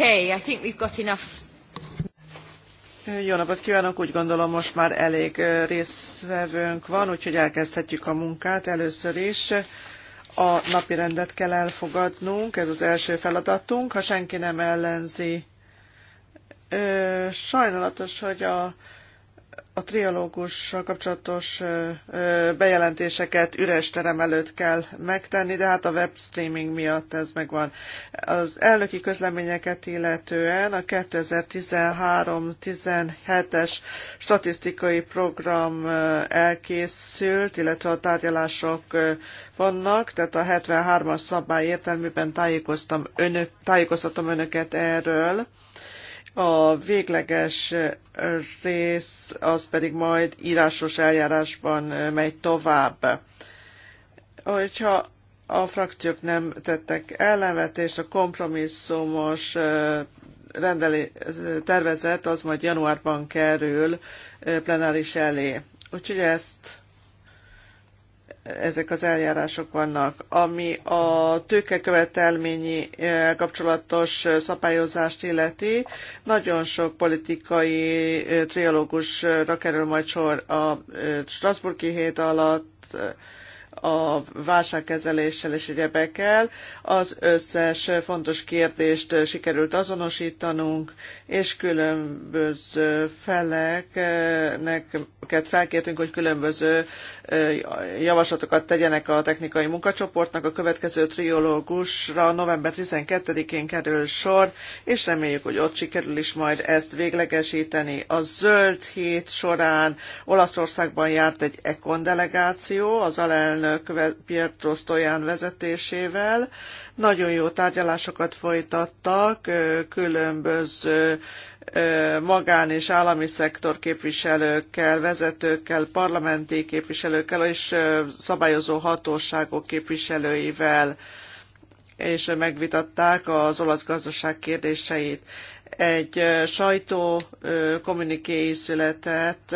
Okay, I think we've got enough. Jó napot kívánok, úgy gondolom most már elég részvevőnk van, úgyhogy elkezdhetjük a munkát először is. A napi rendet kell elfogadnunk, ez az első feladatunk, ha senki nem ellenzi. Sajnálatos, hogy a a trialógussal kapcsolatos bejelentéseket üres terem előtt kell megtenni, de hát a webstreaming miatt ez megvan. Az elnöki közleményeket illetően a 2013-17-es statisztikai program elkészült, illetve a tárgyalások vannak, tehát a 73-as szabály értelmében tájékoztam önök, tájékoztatom önöket erről a végleges rész az pedig majd írásos eljárásban megy tovább. Hogyha a frakciók nem tettek ellenvetést, a kompromisszumos rendeli, tervezet az majd januárban kerül plenáris elé. Úgyhogy ezt ezek az eljárások vannak. Ami a tőkekövetelményi eh, kapcsolatos eh, szabályozást illeti, nagyon sok politikai eh, trialógusra kerül majd sor a Strasburgi hét alatt, a válságkezeléssel és egyebekkel. Az összes fontos kérdést sikerült azonosítanunk, és különböző feleknek felkértünk, hogy különböző javaslatokat tegyenek a technikai munkacsoportnak. A következő triológusra november 12-én kerül sor, és reméljük, hogy ott sikerül is majd ezt véglegesíteni. A zöld hét során Olaszországban járt egy ekon delegáció, az alelnök elnök Pietro Stojan vezetésével. Nagyon jó tárgyalásokat folytattak különböző magán és állami szektor képviselőkkel, vezetőkkel, parlamenti képviselőkkel és szabályozó hatóságok képviselőivel és megvitatták az olasz gazdaság kérdéseit. Egy sajtó kommunikéi született,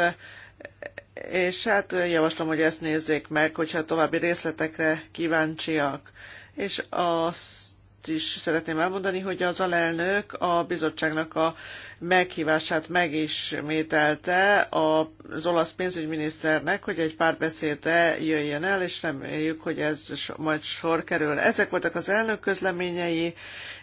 és hát javaslom, hogy ezt nézzék meg, hogyha további részletekre kíváncsiak. És azt is szeretném elmondani, hogy az alelnök a bizottságnak a meghívását megismételte az olasz pénzügyminiszternek, hogy egy pár beszédre jöjjön el, és reméljük, hogy ez majd sor kerül. Ezek voltak az elnök közleményei,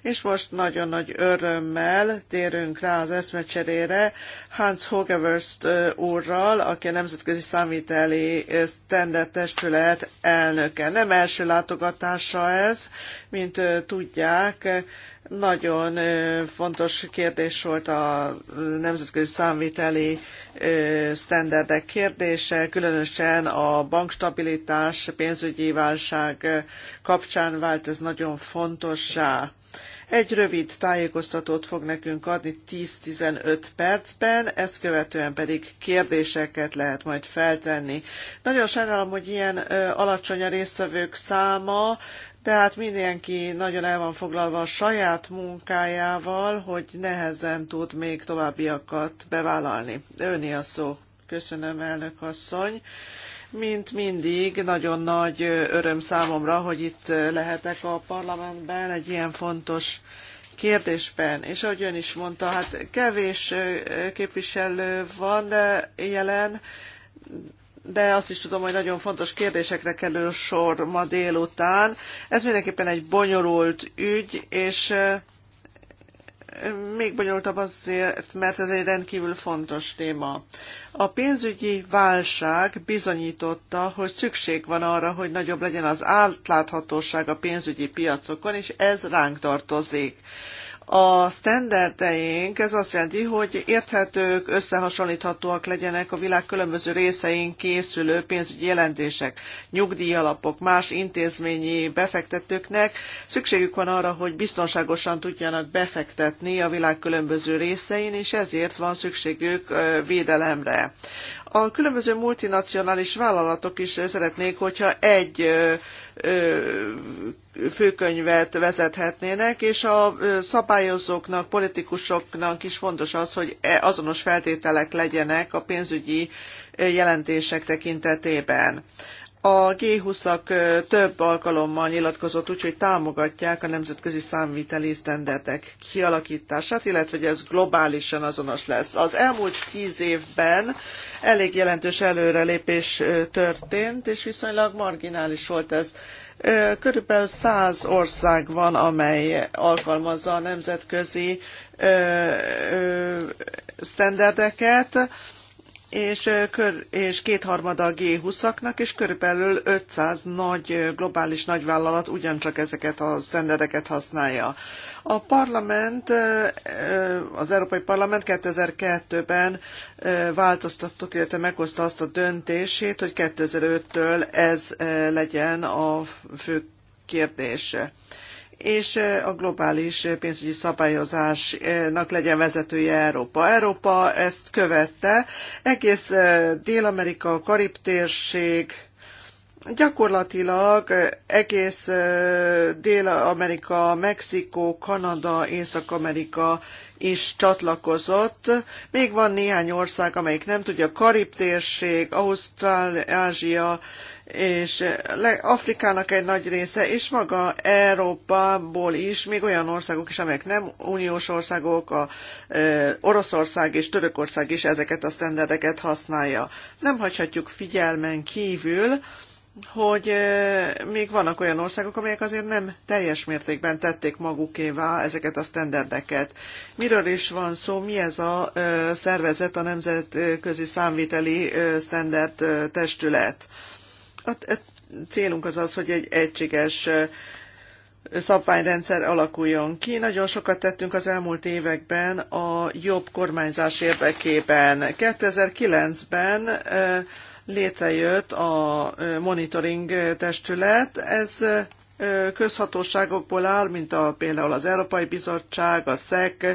és most nagyon nagy örömmel térünk rá az eszmecserére Hans Hogeverst úrral, aki a Nemzetközi Számíteli Standard Testület elnöke. Nem első látogatása ez, mint tudják, nagyon fontos kérdés volt a nemzetközi számviteli sztenderdek kérdése, különösen a bankstabilitás, pénzügyi válság kapcsán vált ez nagyon fontossá. Egy rövid tájékoztatót fog nekünk adni 10-15 percben, ezt követően pedig kérdéseket lehet majd feltenni. Nagyon sajnálom, hogy ilyen alacsony a résztvevők száma, tehát mindenki nagyon el van foglalva a saját munkájával, hogy nehezen tud még továbbiakat bevállalni. Öni a szó. Köszönöm, elnök asszony. Mint mindig, nagyon nagy öröm számomra, hogy itt lehetek a parlamentben egy ilyen fontos kérdésben. És ahogy ön is mondta, hát kevés képviselő van jelen, de azt is tudom, hogy nagyon fontos kérdésekre kerül sor ma délután. Ez mindenképpen egy bonyolult ügy, és még bonyolultabb azért, mert ez egy rendkívül fontos téma. A pénzügyi válság bizonyította, hogy szükség van arra, hogy nagyobb legyen az átláthatóság a pénzügyi piacokon, és ez ránk tartozik. A sztenderdeink, ez azt jelenti, hogy érthetők, összehasonlíthatóak legyenek a világ különböző részein készülő pénzügyi jelentések, nyugdíjalapok, más intézményi befektetőknek. Szükségük van arra, hogy biztonságosan tudjanak befektetni a világ különböző részein, és ezért van szükségük védelemre. A különböző multinacionális vállalatok is szeretnék, hogyha egy főkönyvet vezethetnének, és a szabályozóknak, politikusoknak is fontos az, hogy e, azonos feltételek legyenek a pénzügyi jelentések tekintetében. A G20-ak több alkalommal nyilatkozott úgy, hogy támogatják a nemzetközi számviteli sztenderdek kialakítását, illetve hogy ez globálisan azonos lesz. Az elmúlt tíz évben elég jelentős előrelépés történt, és viszonylag marginális volt ez. Körülbelül száz ország van, amely alkalmazza a nemzetközi sztenderdeket, és, kör, és kétharmada a G20-aknak, és körülbelül 500 nagy globális nagyvállalat ugyancsak ezeket a sztendereket használja. A parlament, az Európai Parlament 2002-ben változtatott, illetve meghozta azt a döntését, hogy 2005-től ez legyen a fő kérdése és a globális pénzügyi szabályozásnak legyen vezetője Európa. Európa ezt követte, egész Dél-Amerika, Karib-térség, gyakorlatilag egész Dél-Amerika, Mexikó, Kanada, Észak-Amerika is csatlakozott. Még van néhány ország, amelyik nem tudja, Karib térség, Ausztrál, Ázsia, és eh, Afrikának egy nagy része, és maga Európából is, még olyan országok is, amelyek nem uniós országok, a, e, Oroszország és Törökország is ezeket a sztenderdeket használja. Nem hagyhatjuk figyelmen kívül, hogy e, még vannak olyan országok, amelyek azért nem teljes mértékben tették magukévá ezeket a sztenderdeket. Miről is van szó, mi ez a e, szervezet, a Nemzetközi Számviteli e, Standard e, Testület? A célunk az az, hogy egy egységes szabványrendszer alakuljon ki. Nagyon sokat tettünk az elmúlt években a jobb kormányzás érdekében. 2009-ben létrejött a monitoring testület. Ez közhatóságokból áll, mint a, például az Európai Bizottság, a SZEK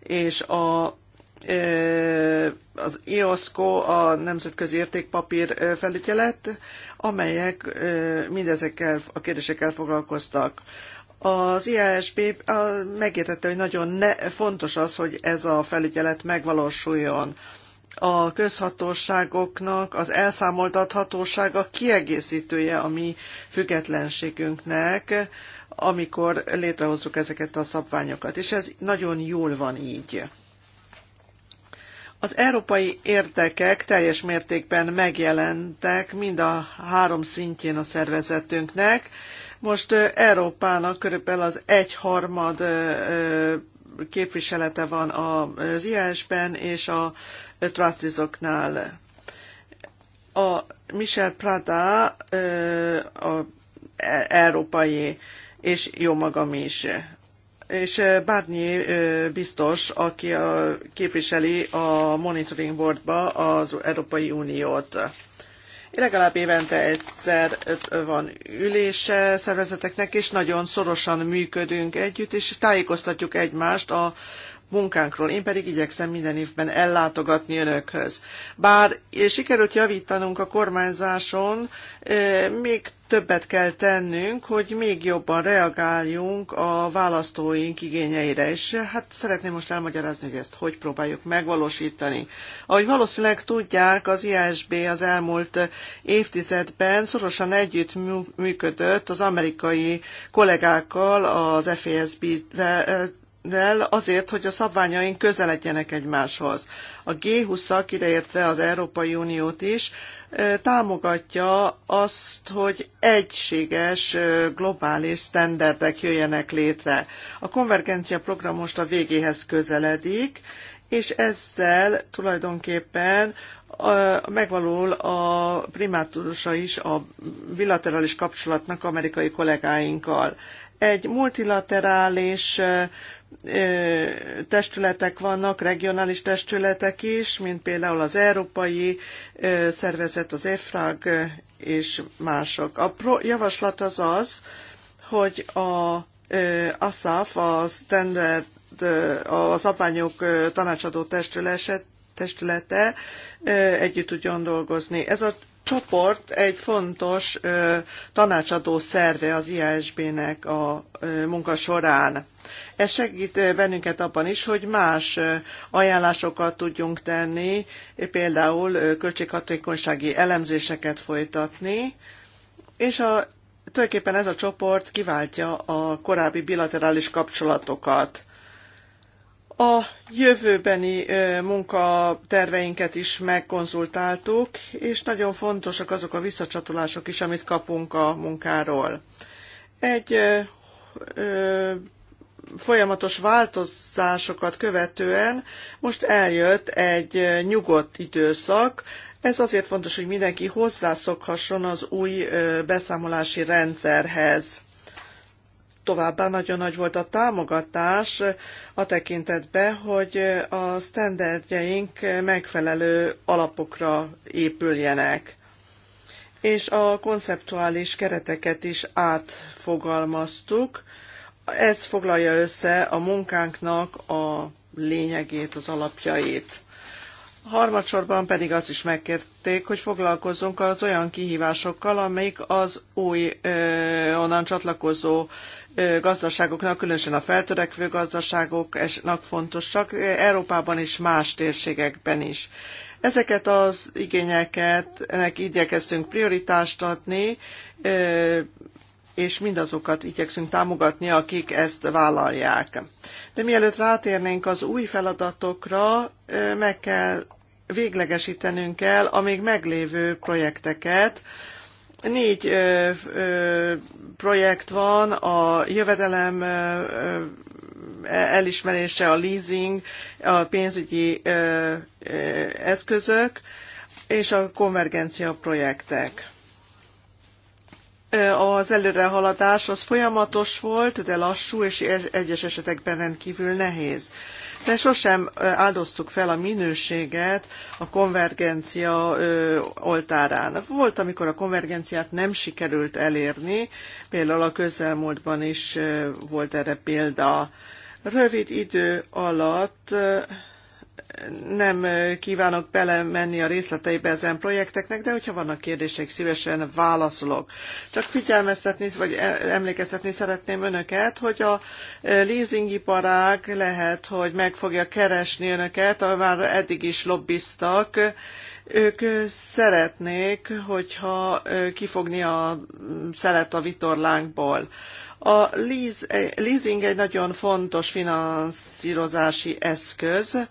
és a az IOSCO a Nemzetközi Értékpapír felügyelet, amelyek mindezekkel a kérdésekkel foglalkoztak. Az IASB megértette, hogy nagyon ne, fontos az, hogy ez a felügyelet megvalósuljon. A közhatóságoknak az elszámoltathatósága kiegészítője a mi függetlenségünknek, amikor létrehozzuk ezeket a szabványokat. És ez nagyon jól van így. Az európai érdekek teljes mértékben megjelentek mind a három szintjén a szervezetünknek. Most Európának körülbelül az egyharmad képviselete van az IS-ben és a trustizoknál. A Michel Prada a e, európai, és jó magam is és Barnier biztos, aki képviseli a Monitoring Boardba az Európai Uniót. Legalább évente egyszer van ülése szervezeteknek, és nagyon szorosan működünk együtt, és tájékoztatjuk egymást a munkánkról. Én pedig igyekszem minden évben ellátogatni önökhöz. Bár eh, sikerült javítanunk a kormányzáson, eh, még többet kell tennünk, hogy még jobban reagáljunk a választóink igényeire, és eh, hát szeretném most elmagyarázni, hogy ezt hogy próbáljuk megvalósítani. Ahogy valószínűleg tudják, az ISB az elmúlt évtizedben szorosan együtt működött az amerikai kollégákkal az FASB azért, hogy a szabványaink közeledjenek egymáshoz. A G20-ak, ideértve az Európai Uniót is, támogatja azt, hogy egységes globális sztenderdek jöjjenek létre. A konvergencia program most a végéhez közeledik, és ezzel tulajdonképpen megvalul a primátusa is a bilaterális kapcsolatnak amerikai kollégáinkkal. Egy multilaterális testületek vannak, regionális testületek is, mint például az Európai Szervezet, az EFRAG és mások. A javaslat az az, hogy a ASAF, a standard, a apányok tanácsadó testülete együtt tudjon dolgozni. Ez a csoport egy fontos tanácsadó szerve az IASB-nek a munka során. Ez segít bennünket abban is, hogy más ajánlásokat tudjunk tenni, például költséghatékonysági elemzéseket folytatni, és a, tulajdonképpen ez a csoport kiváltja a korábbi bilaterális kapcsolatokat. A jövőbeni munkaterveinket is megkonzultáltuk, és nagyon fontosak azok a visszacsatolások is, amit kapunk a munkáról. Egy folyamatos változásokat követően most eljött egy nyugodt időszak. Ez azért fontos, hogy mindenki hozzászokhasson az új beszámolási rendszerhez. Továbbá nagyon nagy volt a támogatás a tekintetben, hogy a standardjeink megfelelő alapokra épüljenek és a konceptuális kereteket is átfogalmaztuk. Ez foglalja össze a munkánknak a lényegét, az alapjait. Harmadsorban pedig azt is megkérték, hogy foglalkozzunk az olyan kihívásokkal, amik az új onnan csatlakozó gazdaságoknak, különösen a feltörekvő gazdaságoknak fontosak, Európában is, más térségekben is. Ezeket az igényeket, ennek igyekeztünk prioritást adni, és mindazokat igyekszünk támogatni, akik ezt vállalják. De mielőtt rátérnénk az új feladatokra, meg kell véglegesítenünk kell a még meglévő projekteket, Négy ö, ö, projekt van, a jövedelem ö, e, elismerése, a leasing, a pénzügyi ö, ö, eszközök és a konvergencia projektek. Az előrehaladás az folyamatos volt, de lassú, és e-, egyes esetekben rendkívül nehéz de sosem áldoztuk fel a minőséget a konvergencia oltárán. Volt, amikor a konvergenciát nem sikerült elérni, például a közelmúltban is volt erre példa. Rövid idő alatt nem kívánok belemenni a részleteibe ezen projekteknek, de hogyha vannak kérdések, szívesen válaszolok. Csak figyelmeztetni, vagy e- emlékeztetni szeretném önöket, hogy a e, leasingiparág lehet, hogy meg fogja keresni önöket, már eddig is lobbiztak, ők szeretnék, hogyha e, kifogni a szelet a vitorlánkból. A leasing egy nagyon fontos finanszírozási eszköz,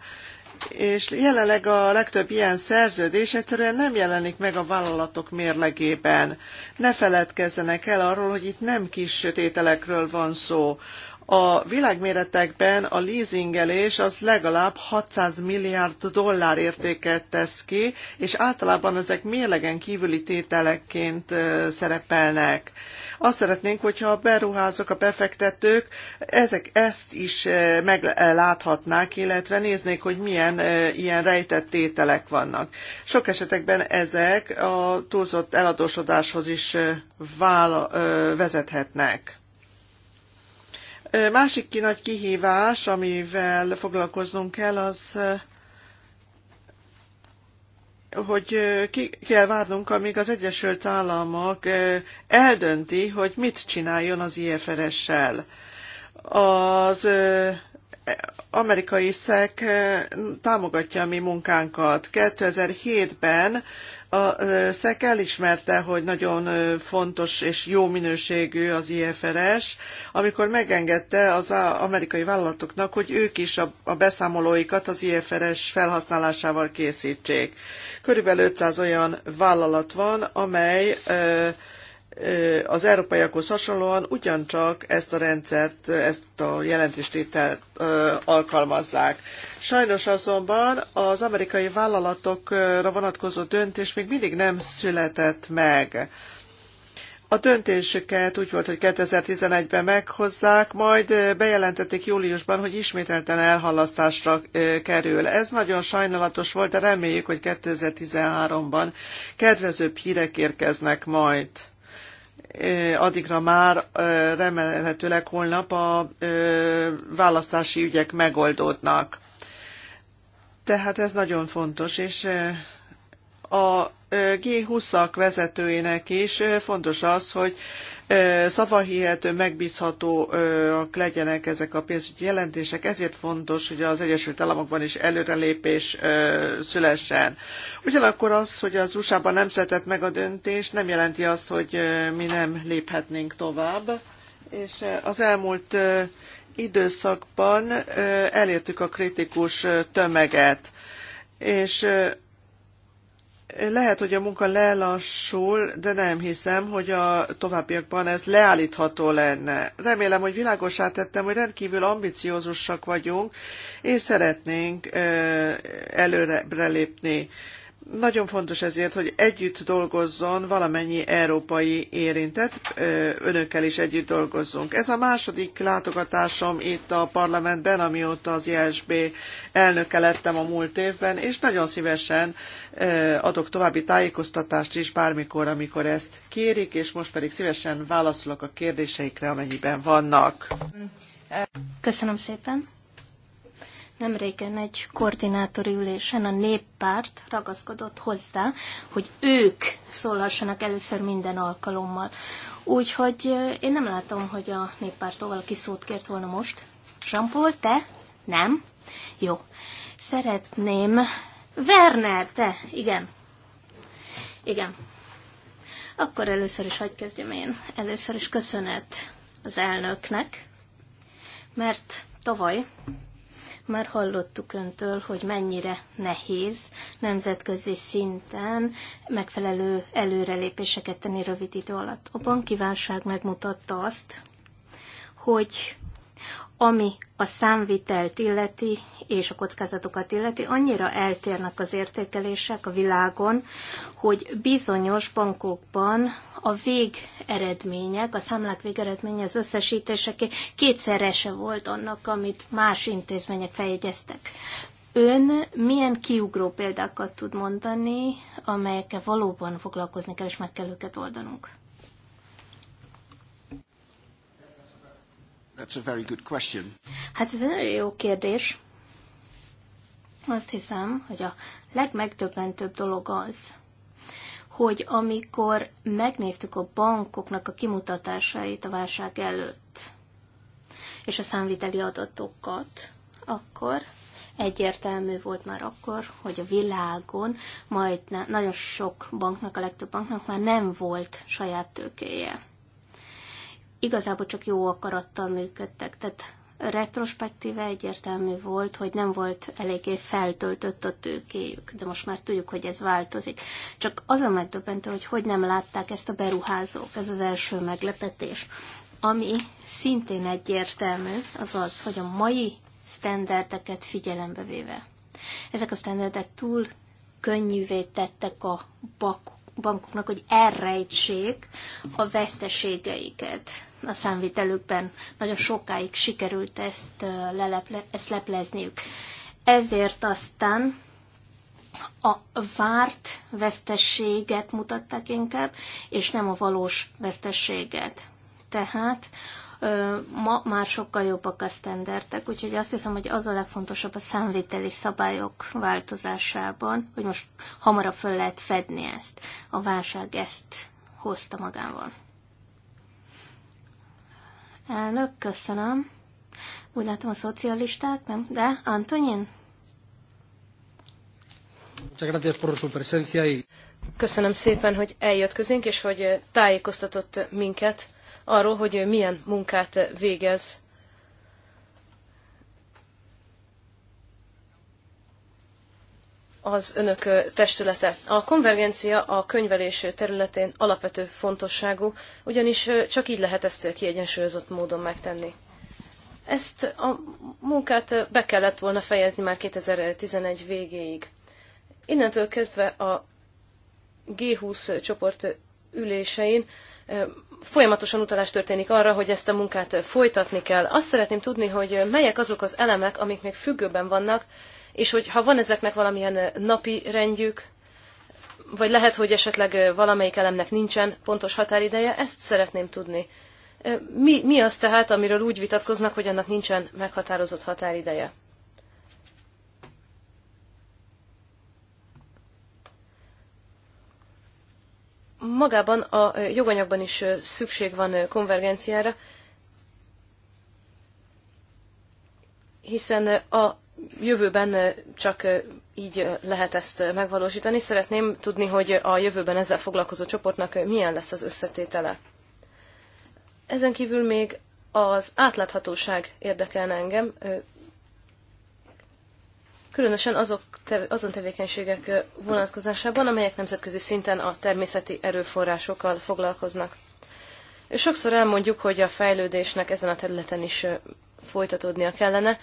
és jelenleg a legtöbb ilyen szerződés egyszerűen nem jelenik meg a vállalatok mérlegében. Ne feledkezzenek el arról, hogy itt nem kis tételekről van szó a világméretekben a leasingelés az legalább 600 milliárd dollár értéket tesz ki, és általában ezek mérlegen kívüli tételekként szerepelnek. Azt szeretnénk, hogyha a beruházók, a befektetők ezek ezt is megláthatnák, illetve néznék, hogy milyen ilyen rejtett tételek vannak. Sok esetekben ezek a túlzott eladósodáshoz is vála, vezethetnek. Másik nagy kihívás, amivel foglalkoznunk kell, az eh, hogy eh, ki kell várnunk, amíg az Egyesült Államok eh, eldönti, hogy mit csináljon az IFRS-sel. Az amerikai szek támogatja a mi munkánkat. 2007-ben a SZEK elismerte, hogy nagyon fontos és jó minőségű az IFRS, amikor megengedte az amerikai vállalatoknak, hogy ők is a beszámolóikat az IFRS felhasználásával készítsék. Körülbelül 500 olyan vállalat van, amely az európaiakhoz hasonlóan ugyancsak ezt a rendszert, ezt a jelentéstételt alkalmazzák. Sajnos azonban az amerikai vállalatokra vonatkozó döntés még mindig nem született meg. A döntésüket úgy volt, hogy 2011-ben meghozzák, majd bejelentették júliusban, hogy ismételten elhalasztásra kerül. Ez nagyon sajnálatos volt, de reméljük, hogy 2013-ban kedvezőbb hírek érkeznek majd addigra már remélhetőleg holnap a választási ügyek megoldódnak. Tehát ez nagyon fontos, és a G20-ak vezetőjének is fontos az, hogy szavahihető, megbízhatóak legyenek ezek a pénzügyi jelentések, ezért fontos, hogy az Egyesült Államokban is előrelépés szülessen. Ugyanakkor az, hogy az USA-ban nem született meg a döntés, nem jelenti azt, hogy mi nem léphetnénk tovább. És az elmúlt időszakban elértük a kritikus tömeget, és lehet, hogy a munka lelassul, de nem hiszem, hogy a továbbiakban ez leállítható lenne. Remélem, hogy világosá tettem, hogy rendkívül ambiciózusak vagyunk, és szeretnénk előre lépni. Nagyon fontos ezért, hogy együtt dolgozzon valamennyi európai érintett, önökkel is együtt dolgozzunk. Ez a második látogatásom itt a parlamentben, amióta az ISB elnöke lettem a múlt évben, és nagyon szívesen adok további tájékoztatást is bármikor, amikor ezt kérik, és most pedig szívesen válaszolok a kérdéseikre, amennyiben vannak. Köszönöm szépen. Nem régen egy koordinátori ülésen a néppárt ragaszkodott hozzá, hogy ők szólhassanak először minden alkalommal. Úgyhogy én nem látom, hogy a néppártól valaki szót kért volna most. Jean-Paul, te? Nem? Jó. Szeretném Werner, te, igen. Igen. Akkor először is hagyd kezdjem én. Először is köszönet az elnöknek, mert tavaly már hallottuk öntől, hogy mennyire nehéz nemzetközi szinten megfelelő előrelépéseket tenni rövid idő alatt. A banki válság megmutatta azt, hogy ami a számvitelt illeti és a kockázatokat illeti, annyira eltérnek az értékelések a világon, hogy bizonyos bankokban a végeredmények, a számlák végeredménye az összesítéseké kétszerese volt annak, amit más intézmények feljegyeztek. Ön milyen kiugró példákat tud mondani, amelyekkel valóban foglalkozni kell, és meg kell őket oldanunk? That's a very good question. Hát ez egy nagyon jó kérdés. Azt hiszem, hogy a legmegdöbbentőbb dolog az, hogy amikor megnéztük a bankoknak a kimutatásait a válság előtt, és a számviteli adatokat, akkor egyértelmű volt már akkor, hogy a világon majd nagyon sok banknak, a legtöbb banknak már nem volt saját tőkéje igazából csak jó akarattal működtek. Tehát retrospektíve egyértelmű volt, hogy nem volt eléggé feltöltött a tőkéjük, de most már tudjuk, hogy ez változik. Csak az a megdöbbentő, hogy hogy nem látták ezt a beruházók, ez az első meglepetés. Ami szintén egyértelmű, az az, hogy a mai sztenderdeket figyelembe véve. Ezek a sztenderdek túl könnyűvé tettek a bankoknak, hogy elrejtsék a veszteségeiket a számvitelükben. Nagyon sokáig sikerült ezt, leleple, ezt leplezniük. Ezért aztán a várt vesztességet mutatták inkább, és nem a valós vesztességet. Tehát ma már sokkal jobbak a sztendertek, úgyhogy azt hiszem, hogy az a legfontosabb a számvételi szabályok változásában, hogy most hamarabb föl lehet fedni ezt. A válság ezt hozta magával. Elnök, köszönöm. Úgy látom a szocialisták, nem? De, Antonin? Köszönöm szépen, hogy eljött közénk, és hogy tájékoztatott minket arról, hogy milyen munkát végez az önök testülete. A konvergencia a könyvelés területén alapvető fontosságú, ugyanis csak így lehet ezt kiegyensúlyozott módon megtenni. Ezt a munkát be kellett volna fejezni már 2011 végéig. Innentől kezdve a G20 csoport ülésein folyamatosan utalás történik arra, hogy ezt a munkát folytatni kell. Azt szeretném tudni, hogy melyek azok az elemek, amik még függőben vannak, és hogy ha van ezeknek valamilyen napi rendjük, vagy lehet, hogy esetleg valamelyik elemnek nincsen pontos határideje, ezt szeretném tudni. Mi, mi az tehát, amiről úgy vitatkoznak, hogy annak nincsen meghatározott határideje? Magában a joganyagban is szükség van konvergenciára, hiszen a jövőben csak így lehet ezt megvalósítani. Szeretném tudni, hogy a jövőben ezzel foglalkozó csoportnak milyen lesz az összetétele. Ezen kívül még az átláthatóság érdekelne engem, különösen azok azon tevékenységek vonatkozásában, amelyek nemzetközi szinten a természeti erőforrásokkal foglalkoznak. Sokszor elmondjuk, hogy a fejlődésnek ezen a területen is folytatódnia kellene,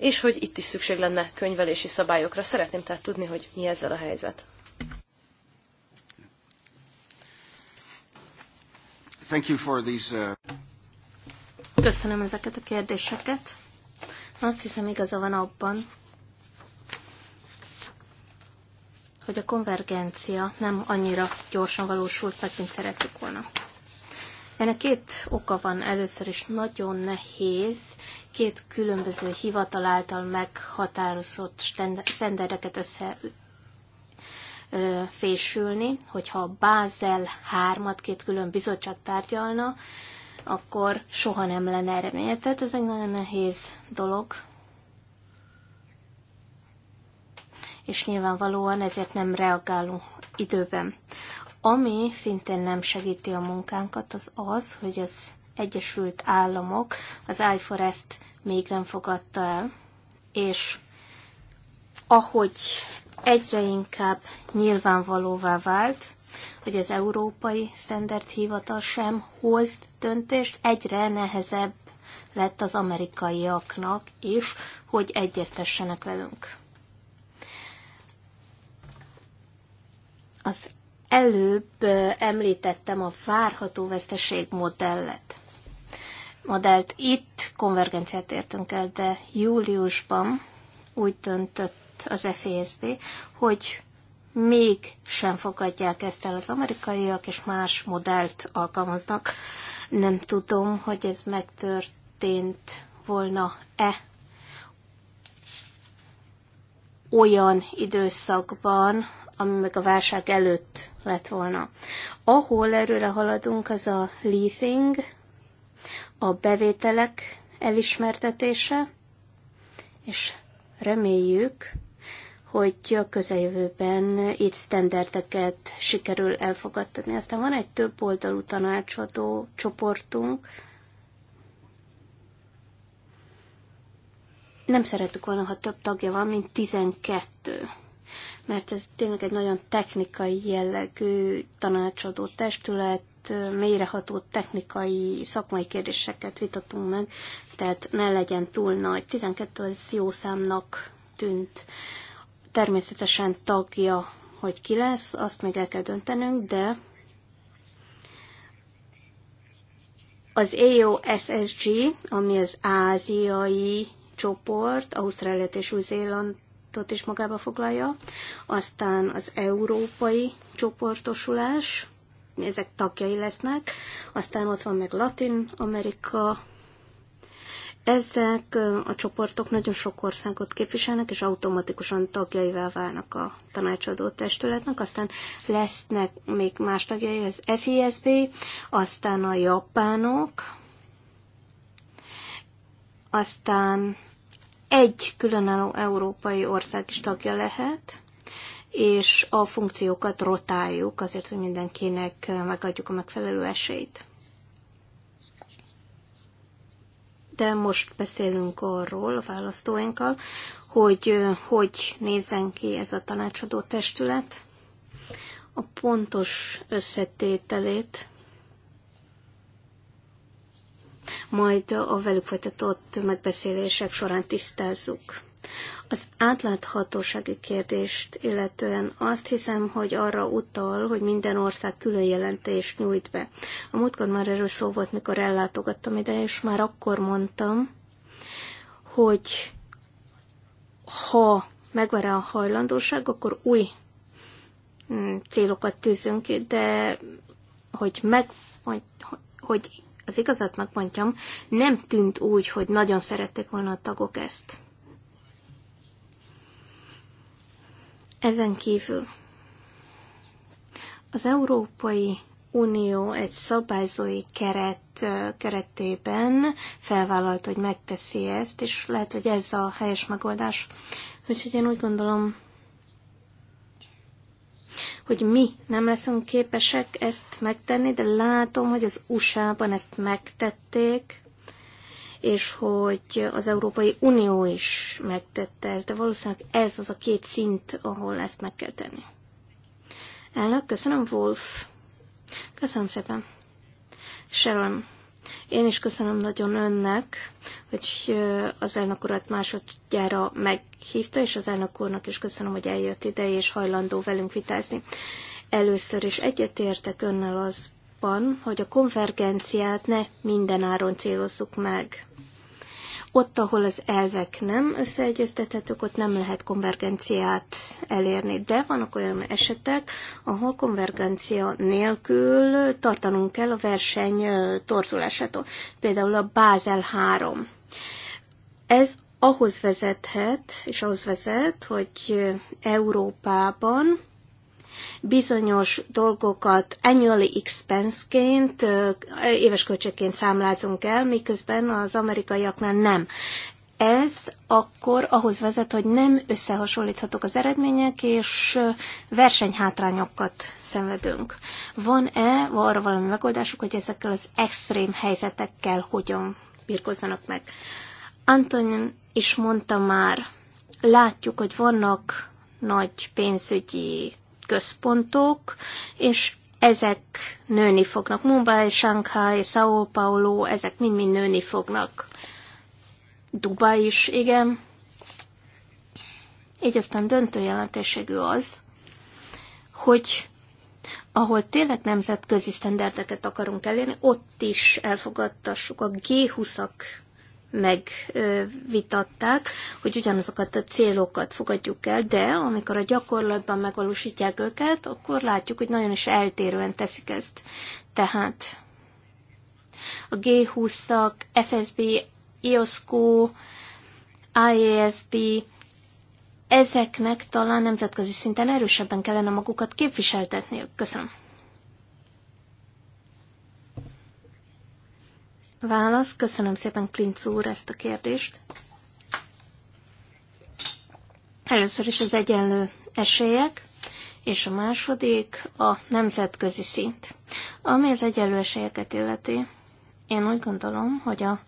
és hogy itt is szükség lenne könyvelési szabályokra. Szeretném tehát tudni, hogy mi ezzel a helyzet. Thank you for these, uh... Köszönöm ezeket a kérdéseket. Azt hiszem igaza van abban, hogy a konvergencia nem annyira gyorsan valósult meg, mint szerettük volna. Ennek két oka van. Először is nagyon nehéz két különböző hivatal által meghatározott szendereket össze fésülni, hogyha a Bázel 3-at két külön bizottság tárgyalna, akkor soha nem lenne eredménye. Tehát ez egy nagyon nehéz dolog. És nyilvánvalóan ezért nem reagálunk időben. Ami szintén nem segíti a munkánkat, az az, hogy az Egyesült Államok az iForest még nem fogadta el, és ahogy egyre inkább nyilvánvalóvá vált, hogy az Európai Standard Hivatal sem hoz döntést, egyre nehezebb lett az amerikaiaknak is, hogy egyeztessenek velünk. Az előbb említettem a várható veszteség modellet. Modellt itt konvergenciát értünk el, de júliusban úgy döntött az FSB, e hogy még sem fogadják ezt el az amerikaiak, és más modellt alkalmaznak. Nem tudom, hogy ez megtörtént volna-e olyan időszakban, ami meg a válság előtt lett volna. Ahol erőre haladunk, az a leasing, a bevételek elismertetése, és reméljük, hogy a közeljövőben itt standardeket sikerül elfogadtatni. Aztán van egy több oldalú tanácsadó csoportunk. Nem szeretük volna, ha több tagja van, mint 12 mert ez tényleg egy nagyon technikai jellegű tanácsadó testület, mélyreható technikai, szakmai kérdéseket vitatunk meg, tehát ne legyen túl nagy. 12 az jó számnak tűnt. Természetesen tagja, hogy ki lesz, azt még el kell döntenünk, de az AOSSG, e ami az ázsiai csoport, Ausztráliát és Új-Zéland csoportot is magába foglalja, aztán az európai csoportosulás, ezek tagjai lesznek, aztán ott van meg Latin Amerika, ezek a csoportok nagyon sok országot képviselnek, és automatikusan tagjaivá válnak a tanácsadó testületnek, aztán lesznek még más tagjai, az FISB, aztán a japánok, aztán egy különálló európai ország is tagja lehet, és a funkciókat rotáljuk azért, hogy mindenkinek megadjuk a megfelelő esélyt. De most beszélünk arról a választóinkkal, hogy hogy nézzen ki ez a tanácsadó testület. A pontos összetételét majd a velük folytatott megbeszélések során tisztázzuk. Az átláthatósági kérdést illetően azt hiszem, hogy arra utal, hogy minden ország külön jelentést nyújt be. A múltkor már erről szó volt, mikor ellátogattam ide, és már akkor mondtam, hogy ha megvan a hajlandóság, akkor új mm, célokat tűzünk ki, de hogy meg, hogy, hogy az igazat megmondjam, nem tűnt úgy, hogy nagyon szerették volna a tagok ezt. Ezen kívül az Európai Unió egy szabályzói keret keretében felvállalt, hogy megteszi ezt, és lehet, hogy ez a helyes megoldás. Úgyhogy én úgy gondolom, hogy mi nem leszünk képesek ezt megtenni, de látom, hogy az USA-ban ezt megtették, és hogy az Európai Unió is megtette ezt, de valószínűleg ez az a két szint, ahol ezt meg kell tenni. Elnök, köszönöm, Wolf. Köszönöm szépen. Sharon. Én is köszönöm nagyon önnek, hogy az elnök urat másodjára meghívta, és az elnök úrnak is köszönöm, hogy eljött ide, és hajlandó velünk vitázni. Először is egyetértek önnel azban, hogy a konvergenciát ne minden áron célozzuk meg. Ott, ahol az elvek nem összeegyeztethetők, ott nem lehet konvergenciát elérni. De vannak olyan esetek, ahol konvergencia nélkül tartanunk kell a verseny torzulásától. Például a Bázel 3. Ez ahhoz vezethet, és ahhoz vezet, hogy Európában bizonyos dolgokat annual expense-ként, éves költségként számlázunk el, miközben az amerikaiaknál nem. Ez akkor ahhoz vezet, hogy nem összehasonlíthatók az eredmények, és versenyhátrányokat szenvedünk. Van-e arra valami megoldásuk, hogy ezekkel az extrém helyzetekkel hogyan birkozzanak meg? Antonin is mondta már, látjuk, hogy vannak nagy pénzügyi központok, és ezek nőni fognak. Mumbai, Shanghai, Sao Paulo, ezek mind-mind nőni fognak. Dubai is, igen. Így aztán döntő jelentésségű az, hogy ahol tényleg nemzetközi sztenderdeket akarunk elérni, ott is elfogadtassuk a G20-ak megvitatták, hogy ugyanazokat a célokat fogadjuk el, de amikor a gyakorlatban megvalósítják őket, akkor látjuk, hogy nagyon is eltérően teszik ezt. Tehát a G20-ak, FSB, IOSCO, IASB, ezeknek talán nemzetközi szinten erősebben kellene magukat képviseltetniük. Köszönöm. Válasz. Köszönöm szépen, Klincz úr, ezt a kérdést. Először is az egyenlő esélyek, és a második a nemzetközi szint. Ami az egyenlő esélyeket illeti, én úgy gondolom, hogy a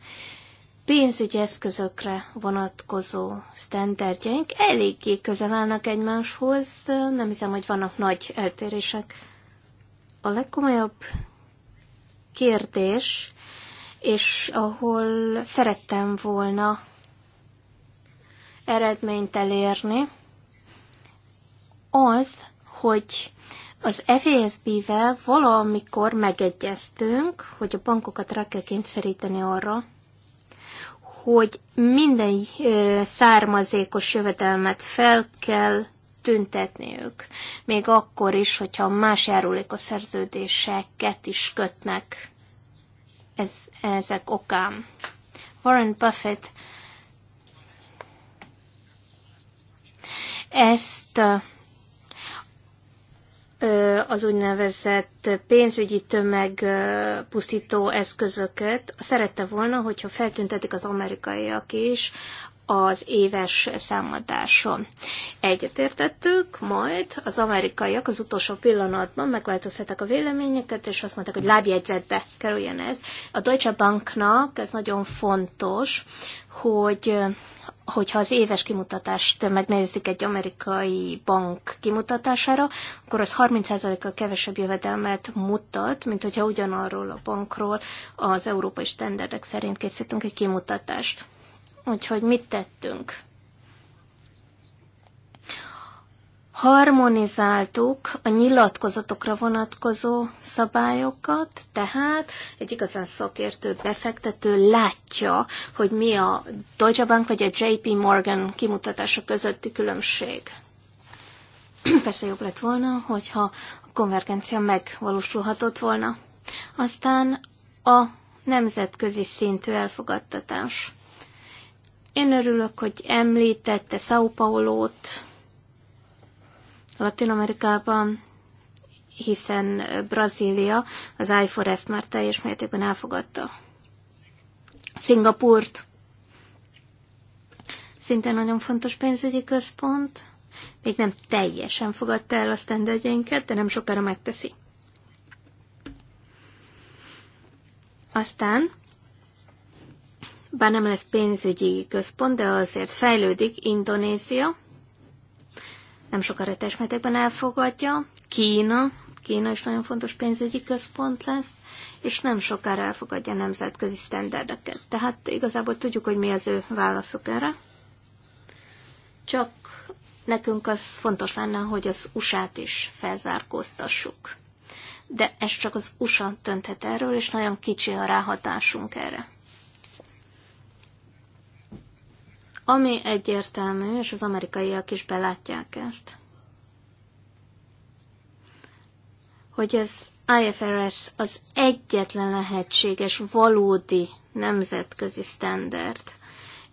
pénzügyi eszközökre vonatkozó sztenderdjeink eléggé közel állnak egymáshoz, nem hiszem, hogy vannak nagy eltérések. A legkomolyabb kérdés és ahol szerettem volna eredményt elérni, az, hogy az FASB-vel valamikor megegyeztünk, hogy a bankokat rá kell kényszeríteni arra, hogy minden származékos jövedelmet fel kell tüntetniük, még akkor is, hogyha más járulékos szerződéseket is kötnek ez, ezek okán. Warren Buffett ezt az úgynevezett pénzügyi pusztító eszközöket szerette volna, hogyha feltüntetik az amerikaiak is az éves számadáson. Egyetértettük, majd az amerikaiak az utolsó pillanatban megváltoztatták a véleményeket, és azt mondták, hogy lábjegyzetbe kerüljön ez. A Deutsche Banknak ez nagyon fontos, hogy hogyha az éves kimutatást megnézik egy amerikai bank kimutatására, akkor az 30%-kal kevesebb jövedelmet mutat, mint hogyha ugyanarról a bankról az európai standardek szerint készítünk egy kimutatást. Úgyhogy mit tettünk? harmonizáltuk a nyilatkozatokra vonatkozó szabályokat, tehát egy igazán szakértő befektető látja, hogy mi a Deutsche Bank vagy a JP Morgan kimutatása közötti különbség. Persze jobb lett volna, hogyha a konvergencia megvalósulhatott volna. Aztán a nemzetközi szintű elfogadtatás. Én örülök, hogy említette São Paulo-t Latin Amerikában, hiszen Brazília az iForest már teljes mértékben elfogadta. Szingapurt szintén nagyon fontos pénzügyi központ. Még nem teljesen fogadta el a sztendegyeinket, de nem sokára megteszi. Aztán bár nem lesz pénzügyi központ, de azért fejlődik Indonézia, nem sokára teljes elfogadja, Kína, Kína is nagyon fontos pénzügyi központ lesz, és nem sokára elfogadja nemzetközi sztenderdeket. Tehát igazából tudjuk, hogy mi az ő válaszok erre. Csak nekünk az fontos lenne, hogy az USA-t is felzárkóztassuk. De ez csak az USA dönthet erről, és nagyon kicsi a ráhatásunk erre. Ami egyértelmű, és az amerikaiak is belátják ezt, hogy az IFRS az egyetlen lehetséges, valódi nemzetközi standard.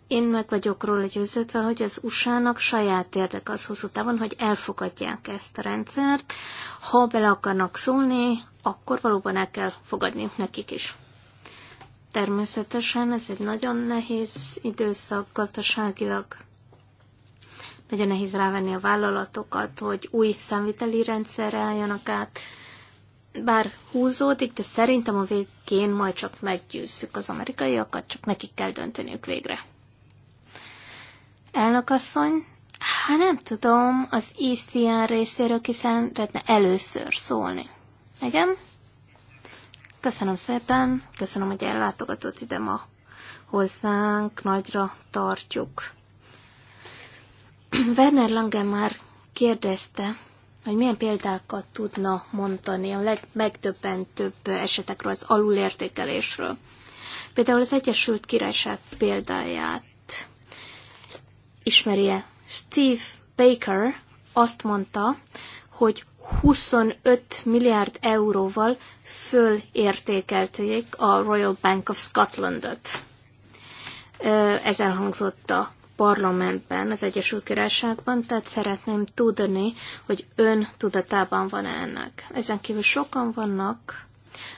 Én meg vagyok róla győződve, hogy az USA-nak saját érdek az hosszú távon, hogy elfogadják ezt a rendszert. Ha bele akarnak szólni, akkor valóban el kell fogadniuk nekik is. Természetesen ez egy nagyon nehéz időszak gazdaságilag. Nagyon nehéz rávenni a vállalatokat, hogy új számviteli rendszerre álljanak át. Bár húzódik, de szerintem a végén majd csak meggyőzzük az amerikaiakat, csak nekik kell dönteniük végre. Elnökasszony, hát nem tudom, az ICN részéről ki szeretne először szólni. Igen? Köszönöm szépen, köszönöm, hogy ellátogatott ide ma hozzánk, nagyra tartjuk. Werner Lange már kérdezte, hogy milyen példákat tudna mondani a legmegdöbbentőbb esetekről, az alulértékelésről. Például az Egyesült Királyság példáját ismerje. Steve Baker azt mondta, hogy 25 milliárd euróval fölértékelték a Royal Bank of Scotlandot. Ez elhangzott a parlamentben, az Egyesült Királyságban, tehát szeretném tudni, hogy ön tudatában van -e ennek. Ezen kívül sokan vannak,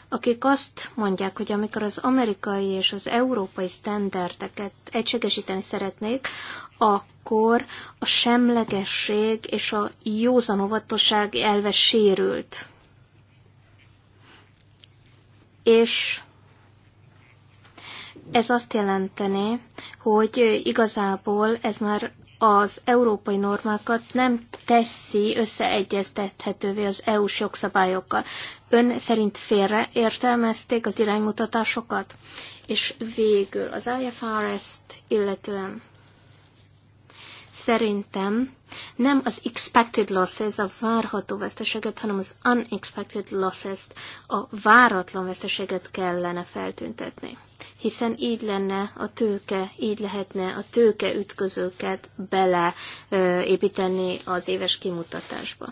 akik azt mondják, hogy amikor az amerikai és az európai sztenderdeket egységesíteni szeretnék, akkor a semlegesség és a józan óvatosság elve sérült. És ez azt jelenteni, hogy igazából ez már az európai normákat nem teszi összeegyeztethetővé az EU-s jogszabályokkal. Ön szerint félre értelmezték az iránymutatásokat? És végül az IFRS-t illetően szerintem nem az expected losses, a várható veszteséget, hanem az unexpected losses, a váratlan veszteséget kellene feltüntetni. Hiszen így lenne a tőke, így lehetne a tőke ütközőket beleépíteni az éves kimutatásba.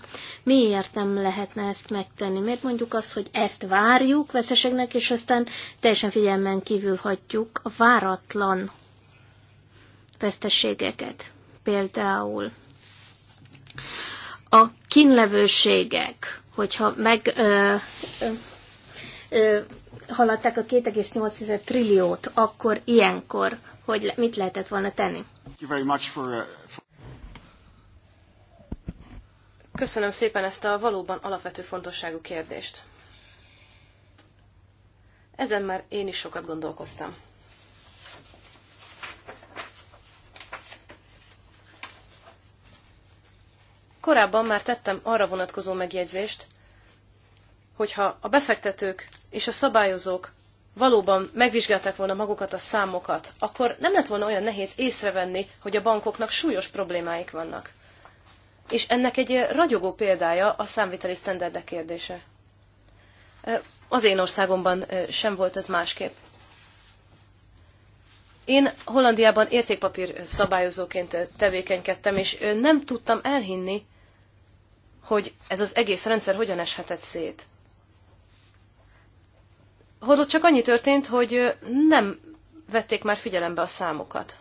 Miért nem lehetne ezt megtenni? Miért mondjuk azt, hogy ezt várjuk veszteségnek, és aztán teljesen figyelmen kívül hagyjuk a váratlan veszteségeket? például a kínlevőségek, hogyha meg ö, ö, haladták a 2,8 trilliót, akkor ilyenkor hogy mit lehetett volna tenni? Uh, Köszönöm szépen ezt a valóban alapvető fontosságú kérdést. Ezen már én is sokat gondolkoztam. Korábban már tettem arra vonatkozó megjegyzést, hogyha a befektetők és a szabályozók valóban megvizsgálták volna magukat a számokat, akkor nem lett volna olyan nehéz észrevenni, hogy a bankoknak súlyos problémáik vannak. És ennek egy ragyogó példája a számviteli sztenderdek kérdése. Az én országomban sem volt ez másképp. Én Hollandiában értékpapír szabályozóként tevékenykedtem, és nem tudtam elhinni, hogy ez az egész rendszer hogyan eshetett szét. Holott csak annyi történt, hogy nem vették már figyelembe a számokat.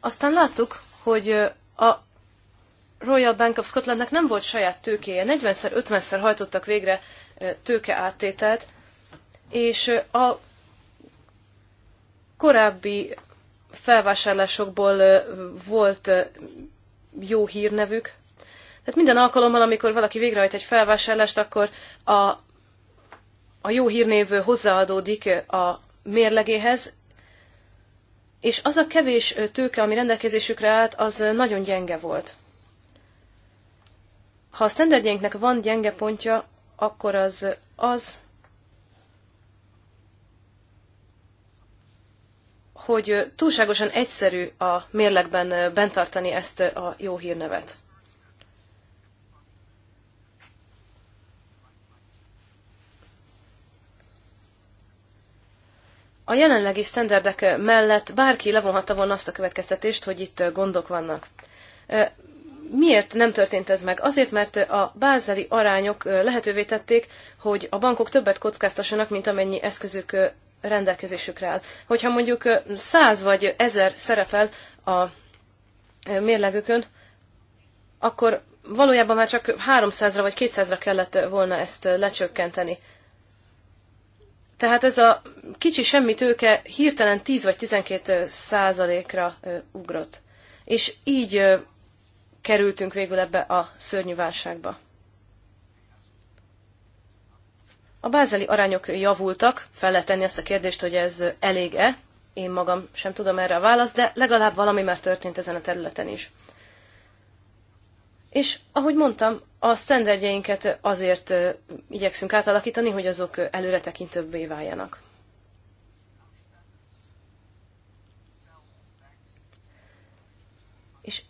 Aztán láttuk, hogy a Royal Bank of Scotlandnek nem volt saját tőkéje, 40-szer, 50-szer hajtottak végre tőke áttételt, és a korábbi felvásárlásokból volt jó hírnevük. Tehát minden alkalommal, amikor valaki végrehajt egy felvásárlást, akkor a, a jó hírnév hozzáadódik a mérlegéhez, és az a kevés tőke, ami rendelkezésükre állt, az nagyon gyenge volt. Ha a standardjainknek van gyenge pontja, akkor az az, hogy túlságosan egyszerű a mérlegben bentartani ezt a jó hírnevet. A jelenlegi sztenderdek mellett bárki levonhatta volna azt a következtetést, hogy itt gondok vannak. Miért nem történt ez meg? Azért, mert a bázeli arányok lehetővé tették, hogy a bankok többet kockáztassanak, mint amennyi eszközük rendelkezésükre áll. Hogyha mondjuk száz vagy ezer szerepel a mérlegükön, akkor valójában már csak 300-ra vagy 200-ra kellett volna ezt lecsökkenteni. Tehát ez a kicsi semmi tőke hirtelen 10 vagy 12 százalékra ugrott. És így kerültünk végül ebbe a szörnyű válságba. A bázeli arányok javultak, fel lehet tenni azt a kérdést, hogy ez elég-e, én magam sem tudom erre a választ, de legalább valami már történt ezen a területen is. És ahogy mondtam, a sztenderdjeinket azért igyekszünk átalakítani, hogy azok előretekintőbbé váljanak. És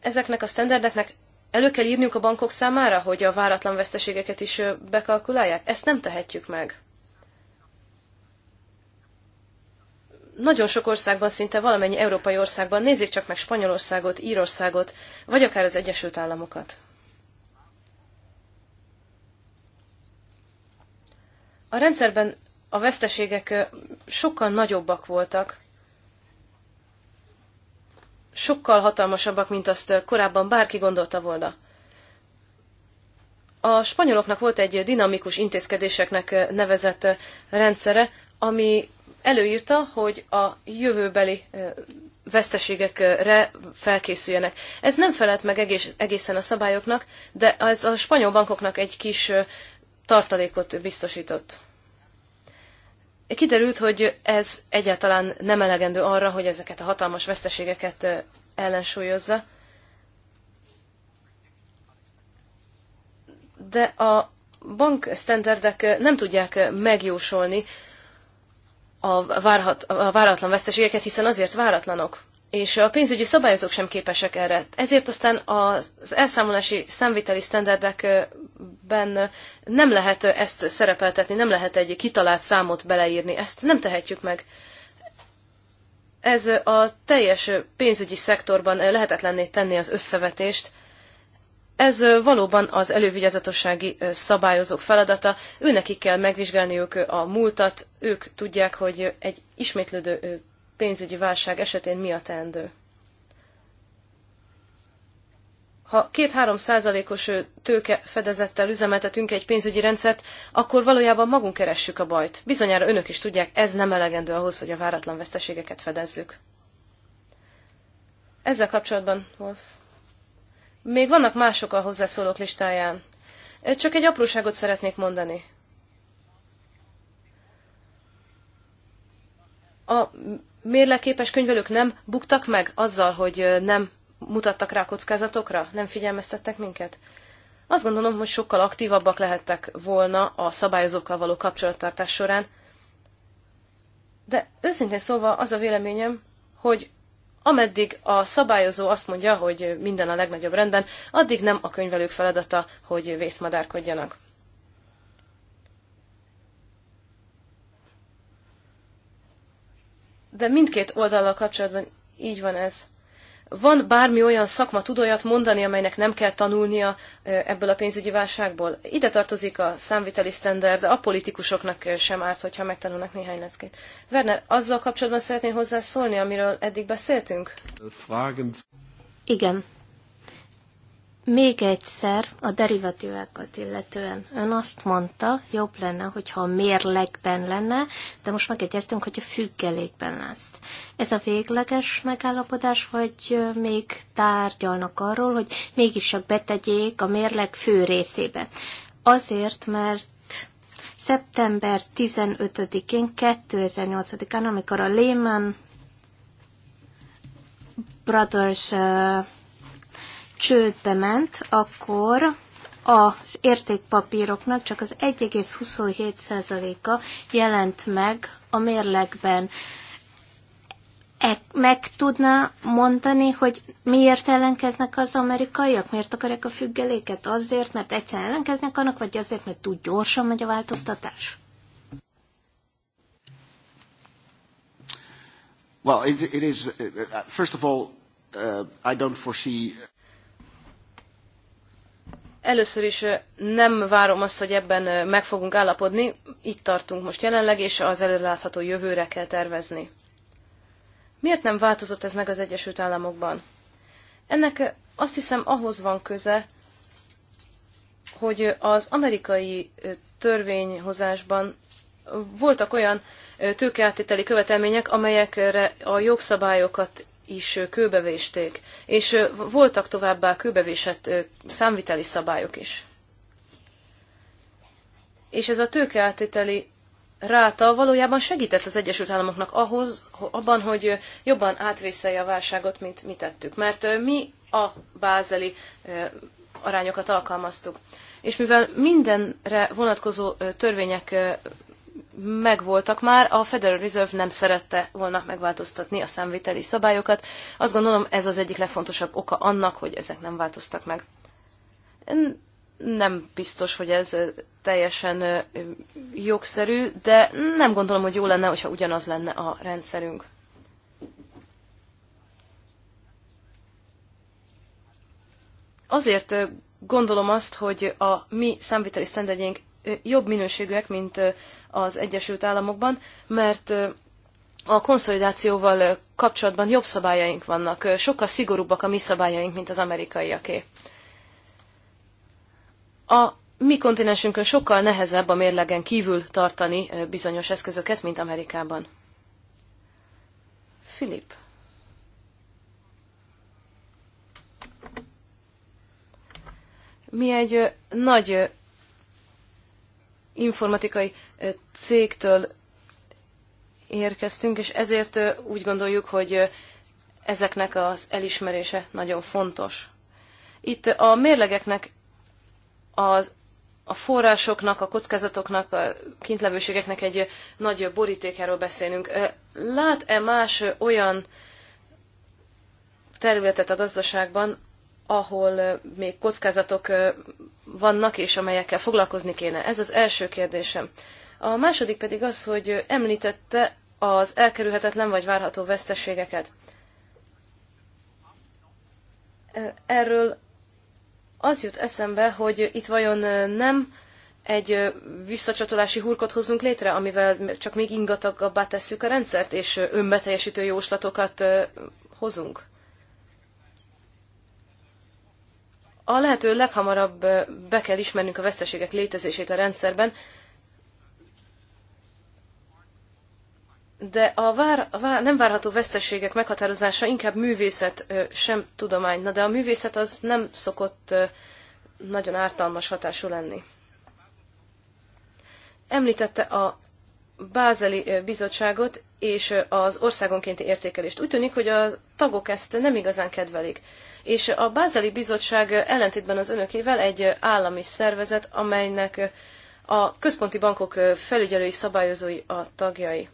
ezeknek a sztenderdeknek elő kell írniuk a bankok számára, hogy a váratlan veszteségeket is bekalkulálják? Ezt nem tehetjük meg. Nagyon sok országban, szinte valamennyi európai országban, nézzék csak meg Spanyolországot, Írországot, vagy akár az Egyesült Államokat. A rendszerben a veszteségek sokkal nagyobbak voltak, sokkal hatalmasabbak, mint azt korábban bárki gondolta volna. A spanyoloknak volt egy dinamikus intézkedéseknek nevezett rendszere, ami előírta, hogy a jövőbeli veszteségekre felkészüljenek. Ez nem felelt meg egészen a szabályoknak, de ez a spanyol bankoknak egy kis tartalékot biztosított. Kiderült, hogy ez egyáltalán nem elegendő arra, hogy ezeket a hatalmas veszteségeket ellensúlyozza. De a bank standardek nem tudják megjósolni a, várhat, a váratlan veszteségeket, hiszen azért váratlanok és a pénzügyi szabályozók sem képesek erre. Ezért aztán az elszámolási számviteli sztenderdekben nem lehet ezt szerepeltetni, nem lehet egy kitalált számot beleírni. Ezt nem tehetjük meg. Ez a teljes pénzügyi szektorban lehetetlenné tenni az összevetést. Ez valóban az elővigyázatossági szabályozók feladata. Őnekik kell megvizsgálniuk a múltat, ők tudják, hogy egy ismétlődő pénzügyi válság esetén mi a teendő. Ha 2-3 százalékos tőke fedezettel üzemeltetünk egy pénzügyi rendszert, akkor valójában magunk keressük a bajt. Bizonyára önök is tudják, ez nem elegendő ahhoz, hogy a váratlan veszteségeket fedezzük. Ezzel kapcsolatban, Wolf. Még vannak mások a hozzászólók listáján. Csak egy apróságot szeretnék mondani. A mérleképes könyvelők nem buktak meg azzal, hogy nem mutattak rá kockázatokra, nem figyelmeztettek minket? Azt gondolom, hogy sokkal aktívabbak lehettek volna a szabályozókkal való kapcsolattartás során, de őszintén szólva az a véleményem, hogy ameddig a szabályozó azt mondja, hogy minden a legnagyobb rendben, addig nem a könyvelők feladata, hogy vészmadárkodjanak. de mindkét oldallal kapcsolatban így van ez. Van bármi olyan szakma tudóját mondani, amelynek nem kell tanulnia ebből a pénzügyi válságból? Ide tartozik a számviteli standard, a politikusoknak sem árt, hogyha megtanulnak néhány leckét. Werner, azzal kapcsolatban szeretnél hozzászólni, amiről eddig beszéltünk? Igen. Még egyszer a derivatívákat illetően. Ön azt mondta, jobb lenne, hogyha a mérlegben lenne, de most megegyeztünk, hogy a függelékben lesz. Ez a végleges megállapodás, vagy még tárgyalnak arról, hogy mégis csak betegyék a mérleg fő részébe? Azért, mert szeptember 15-én, 2008-án, amikor a Lehman Brothers csődbe ment, akkor az értékpapíroknak csak az 1,27%-a jelent meg a mérlegben. E, meg tudná mondani, hogy miért ellenkeznek az amerikaiak? Miért akarják a függeléket? Azért, mert egyszer ellenkeznek annak, vagy azért, mert túl gyorsan megy a változtatás? Well, it, it is, uh, uh, first of all, uh, I don't foresee... Először is nem várom azt, hogy ebben meg fogunk állapodni, itt tartunk most jelenleg, és az előlátható jövőre kell tervezni. Miért nem változott ez meg az Egyesült Államokban? Ennek azt hiszem ahhoz van köze, hogy az amerikai törvényhozásban voltak olyan tőkeáttételi követelmények, amelyekre a jogszabályokat is kőbevésték, és voltak továbbá kőbevésett számviteli szabályok is. És ez a tőkeáttételi ráta valójában segített az Egyesült Államoknak ahhoz, abban, hogy jobban átvészelje a válságot, mint mi tettük. Mert mi a bázeli arányokat alkalmaztuk. És mivel mindenre vonatkozó törvények megvoltak már, a Federal Reserve nem szerette volna megváltoztatni a számviteli szabályokat. Azt gondolom ez az egyik legfontosabb oka annak, hogy ezek nem változtak meg. Nem biztos, hogy ez teljesen jogszerű, de nem gondolom, hogy jó lenne, hogyha ugyanaz lenne a rendszerünk. Azért gondolom azt, hogy a mi számviteli szendegyénk jobb minőségűek, mint az Egyesült Államokban, mert a konszolidációval kapcsolatban jobb szabályaink vannak, sokkal szigorúbbak a mi szabályaink, mint az amerikaiaké. A mi kontinensünkön sokkal nehezebb a mérlegen kívül tartani bizonyos eszközöket, mint Amerikában. Filip. Mi egy nagy informatikai cégtől érkeztünk, és ezért úgy gondoljuk, hogy ezeknek az elismerése nagyon fontos. Itt a mérlegeknek az a forrásoknak, a kockázatoknak, a kintlevőségeknek egy nagy borítékáról beszélünk. Lát-e más olyan területet a gazdaságban, ahol még kockázatok vannak, és amelyekkel foglalkozni kéne? Ez az első kérdésem. A második pedig az, hogy említette az elkerülhetetlen vagy várható veszteségeket. Erről az jut eszembe, hogy itt vajon nem egy visszacsatolási hurkot hozunk létre, amivel csak még ingatagabbá tesszük a rendszert, és önbeteljesítő jóslatokat hozunk. A lehető leghamarabb be kell ismernünk a veszteségek létezését a rendszerben, de a vár, a vár, nem várható veszteségek meghatározása inkább művészet, sem tudomány. Na de a művészet az nem szokott nagyon ártalmas hatású lenni. Említette a Bázeli bizottságot és az országonkénti értékelést. Úgy tűnik, hogy a tagok ezt nem igazán kedvelik. És a Bázeli bizottság ellentétben az önökével egy állami szervezet, amelynek a központi bankok felügyelői szabályozói a tagjai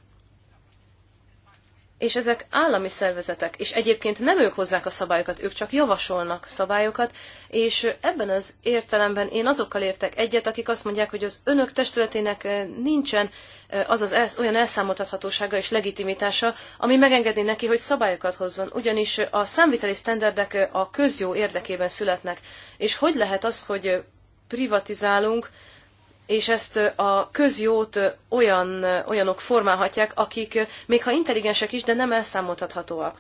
és ezek állami szervezetek, és egyébként nem ők hozzák a szabályokat, ők csak javasolnak szabályokat, és ebben az értelemben én azokkal értek egyet, akik azt mondják, hogy az önök testületének eh, nincsen eh, az az elsz, olyan elszámoltathatósága és legitimitása, ami megengedi neki, hogy szabályokat hozzon. Ugyanis eh, a számviteli sztenderdek a közjó érdekében születnek. És hogy lehet az, hogy privatizálunk, és ezt a közjót olyan, olyanok formálhatják, akik még ha intelligensek is, de nem elszámoltathatóak.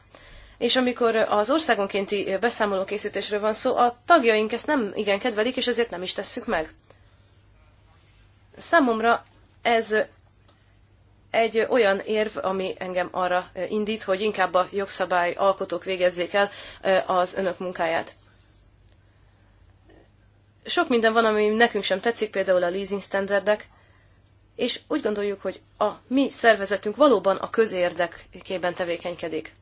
És amikor az országonkénti beszámolókészítésről van szó, a tagjaink ezt nem igen kedvelik, és ezért nem is tesszük meg. Számomra ez egy olyan érv, ami engem arra indít, hogy inkább a jogszabály alkotók végezzék el az önök munkáját sok minden van, ami nekünk sem tetszik, például a leasing standardek, és úgy gondoljuk, hogy a mi szervezetünk valóban a közérdekében tevékenykedik.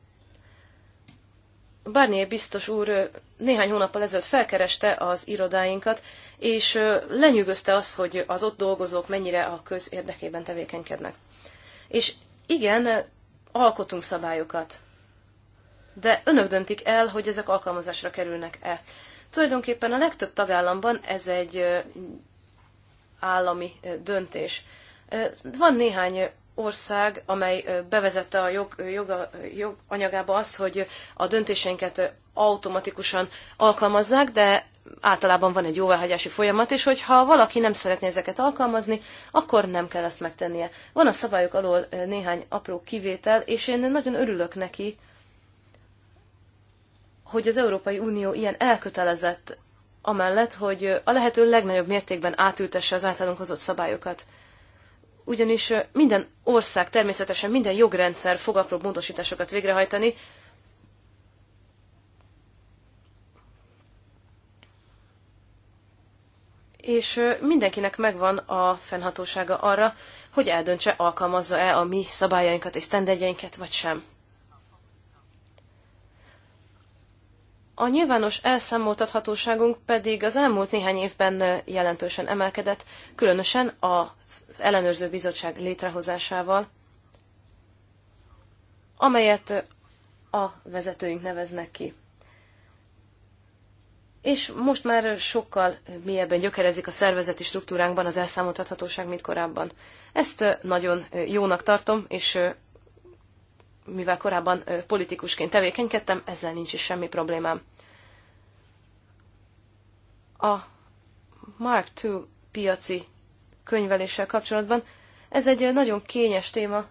Barnier biztos úr néhány hónappal ezelőtt felkereste az irodáinkat, és lenyűgözte azt, hogy az ott dolgozók mennyire a közérdekében tevékenykednek. És igen, alkotunk szabályokat, de önök döntik el, hogy ezek alkalmazásra kerülnek-e. Tulajdonképpen a legtöbb tagállamban ez egy állami döntés. Van néhány ország, amely bevezette a jog, jog, jog anyagába azt, hogy a döntéseinket automatikusan alkalmazzák, de általában van egy jóváhagyási folyamat, és hogyha valaki nem szeretné ezeket alkalmazni, akkor nem kell ezt megtennie. Van a szabályok alól néhány apró kivétel, és én nagyon örülök neki, hogy az Európai Unió ilyen elkötelezett amellett, hogy a lehető legnagyobb mértékben átültesse az általunk hozott szabályokat. Ugyanis minden ország természetesen minden jogrendszer fog apró módosításokat végrehajtani, és mindenkinek megvan a fennhatósága arra, hogy eldöntse, alkalmazza-e a mi szabályainkat és sztenderdjeinket, vagy sem. A nyilvános elszámoltathatóságunk pedig az elmúlt néhány évben jelentősen emelkedett, különösen az ellenőrző bizottság létrehozásával, amelyet a vezetőink neveznek ki. És most már sokkal mélyebben gyökerezik a szervezeti struktúránkban az elszámoltathatóság, mint korábban. Ezt nagyon jónak tartom, és mivel korábban politikusként tevékenykedtem, ezzel nincs is semmi problémám. A Mark II piaci könyveléssel kapcsolatban ez egy nagyon kényes téma.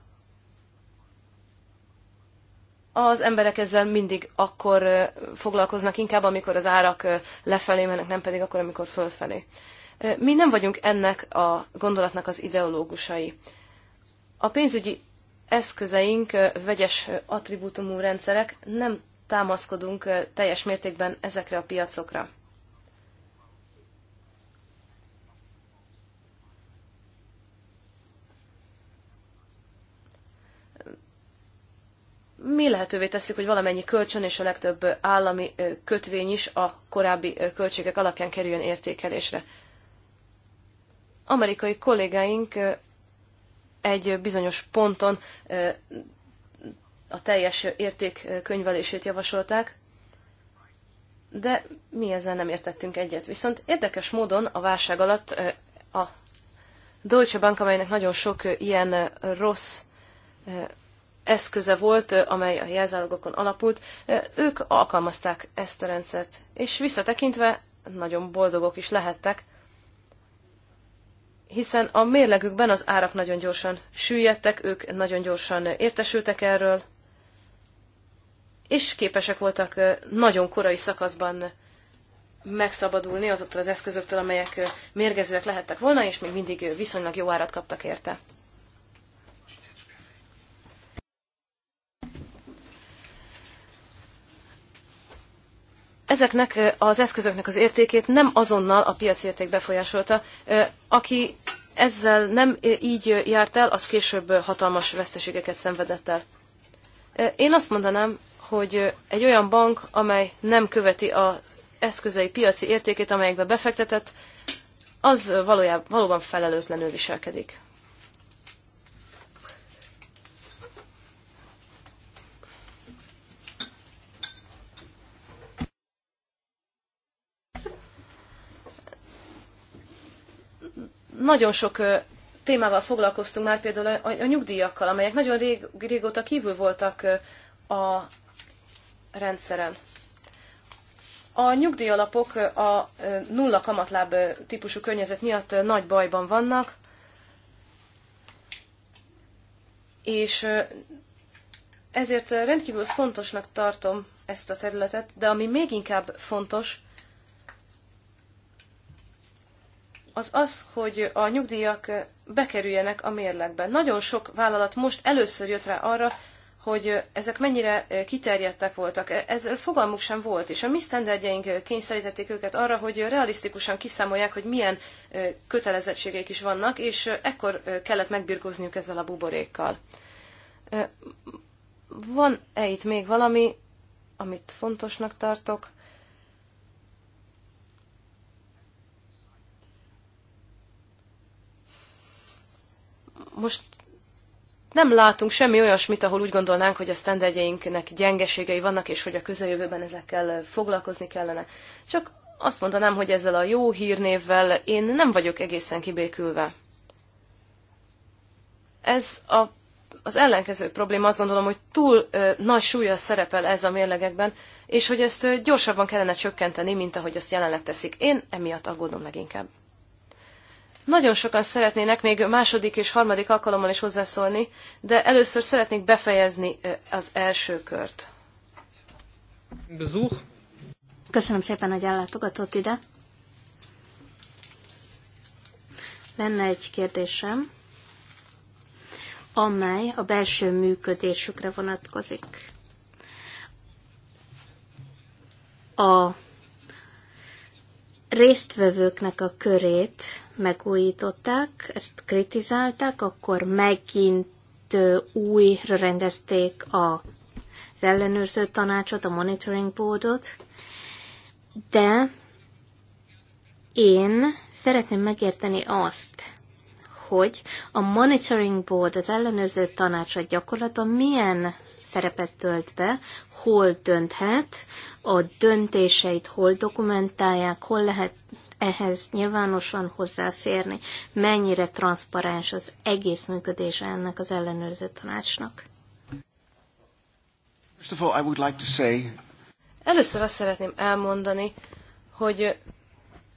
Az emberek ezzel mindig akkor foglalkoznak inkább, amikor az árak lefelé mennek, nem pedig akkor, amikor fölfelé. Mi nem vagyunk ennek a gondolatnak az ideológusai. A pénzügyi eszközeink vegyes attribútumú rendszerek, nem támaszkodunk teljes mértékben ezekre a piacokra. mi lehetővé teszik, hogy valamennyi kölcsön és a legtöbb állami kötvény is a korábbi költségek alapján kerüljön értékelésre. Amerikai kollégáink egy bizonyos ponton a teljes érték könyvelését javasolták, de mi ezzel nem értettünk egyet. Viszont érdekes módon a válság alatt a Deutsche Bank, amelynek nagyon sok ilyen rossz eszköze volt, amely a jelzálogokon alapult, ők alkalmazták ezt a rendszert. És visszatekintve nagyon boldogok is lehettek, hiszen a mérlegükben az árak nagyon gyorsan süllyedtek, ők nagyon gyorsan értesültek erről, és képesek voltak nagyon korai szakaszban megszabadulni azoktól az eszközöktől, amelyek mérgezőek lehettek volna, és még mindig viszonylag jó árat kaptak érte. ezeknek az eszközöknek az értékét nem azonnal a piacérték befolyásolta. Aki ezzel nem így járt el, az később hatalmas veszteségeket szenvedett el. Én azt mondanám, hogy egy olyan bank, amely nem követi az eszközei piaci értékét, amelyekbe befektetett, az valójában, valóban felelőtlenül viselkedik. nagyon sok témával foglalkoztunk már, például a, a nyugdíjakkal, amelyek nagyon rég, régóta kívül voltak a rendszeren. A nyugdíjalapok a nulla kamatláb típusú környezet miatt nagy bajban vannak, és ezért rendkívül fontosnak tartom ezt a területet, de ami még inkább fontos, az az, hogy a nyugdíjak bekerüljenek a mérlegben. Nagyon sok vállalat most először jött rá arra, hogy ezek mennyire kiterjedtek voltak. Ezzel fogalmuk sem volt, és a mi sztenderdjeink kényszerítették őket arra, hogy realisztikusan kiszámolják, hogy milyen kötelezettségek is vannak, és ekkor kellett megbirkózniuk ezzel a buborékkal. Van-e itt még valami, amit fontosnak tartok? most nem látunk semmi olyasmit, ahol úgy gondolnánk, hogy a sztenderdjeinknek gyengeségei vannak, és hogy a közeljövőben ezekkel foglalkozni kellene. Csak azt mondanám, hogy ezzel a jó hírnévvel én nem vagyok egészen kibékülve. Ez a, az ellenkező probléma, azt gondolom, hogy túl ö, nagy súlya szerepel ez a mérlegekben, és hogy ezt ö, gyorsabban kellene csökkenteni, mint ahogy azt jelenleg teszik. Én emiatt aggódom leginkább. Nagyon sokan szeretnének még második és harmadik alkalommal is hozzászólni, de először szeretnék befejezni az első kört. Besuch. Köszönöm szépen, hogy ellátogatott ide. Lenne egy kérdésem, amely a belső működésükre vonatkozik. A résztvevőknek a körét megújították, ezt kritizálták, akkor megint újra rendezték a, az ellenőrző tanácsot, a monitoring boardot, de én szeretném megérteni azt, hogy a monitoring board, az ellenőrző tanácsa gyakorlatban milyen szerepet tölt be, hol dönthet, a döntéseit hol dokumentálják, hol lehet ehhez nyilvánosan hozzáférni, mennyire transzparens az egész működése ennek az ellenőrző tanácsnak. Először azt szeretném elmondani, hogy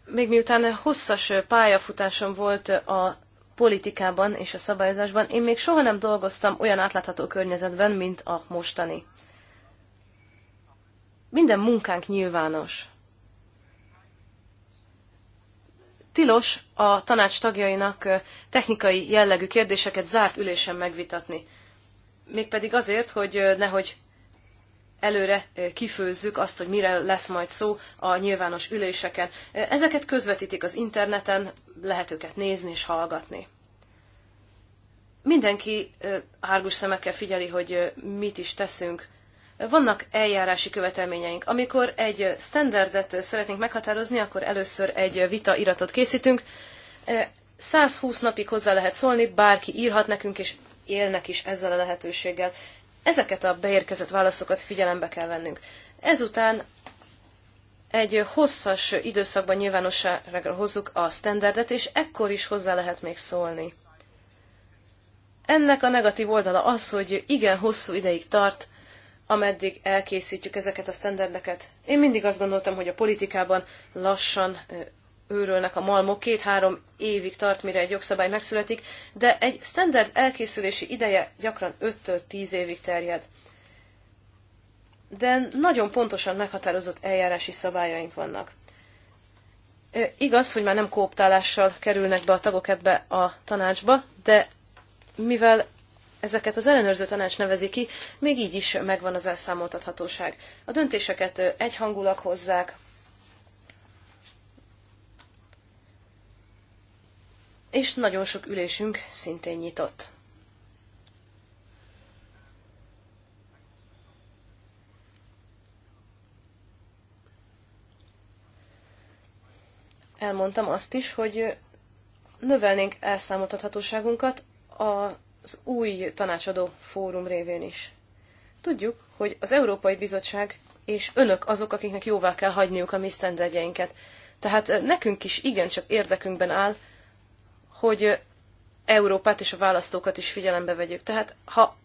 még miután hosszas pályafutásom volt a politikában és a szabályozásban, én még soha nem dolgoztam olyan átlátható környezetben, mint a mostani. Minden munkánk nyilvános. Tilos a tanács tagjainak technikai jellegű kérdéseket zárt ülésen megvitatni. Mégpedig azért, hogy nehogy előre kifőzzük azt, hogy mire lesz majd szó a nyilvános üléseken. Ezeket közvetítik az interneten, lehet őket nézni és hallgatni. Mindenki árgus szemekkel figyeli, hogy mit is teszünk. Vannak eljárási követelményeink. Amikor egy standardet szeretnénk meghatározni, akkor először egy vita iratot készítünk. 120 napig hozzá lehet szólni, bárki írhat nekünk, és élnek is ezzel a lehetőséggel. Ezeket a beérkezett válaszokat figyelembe kell vennünk. Ezután egy hosszas időszakban nyilvánosságra hozzuk a standardet, és ekkor is hozzá lehet még szólni. Ennek a negatív oldala az, hogy igen hosszú ideig tart, ameddig elkészítjük ezeket a standardeket. Én mindig azt gondoltam, hogy a politikában lassan őrölnek a malmok, két-három évig tart, mire egy jogszabály megszületik, de egy standard elkészülési ideje gyakran 5-10 évig terjed. De nagyon pontosan meghatározott eljárási szabályaink vannak. Igaz, hogy már nem kóptálással kerülnek be a tagok ebbe a tanácsba, de mivel ezeket az ellenőrző tanács nevezi ki, még így is megvan az elszámoltathatóság. A döntéseket egyhangulak hozzák, és nagyon sok ülésünk szintén nyitott. Elmondtam azt is, hogy növelnénk elszámoltathatóságunkat a az új tanácsadó fórum révén is. Tudjuk, hogy az Európai Bizottság és önök azok, akiknek jóvá kell hagyniuk a mi sztenderdjeinket. Tehát eh, nekünk is igencsak érdekünkben áll, hogy eh, Európát és a választókat is figyelembe vegyük. Tehát ha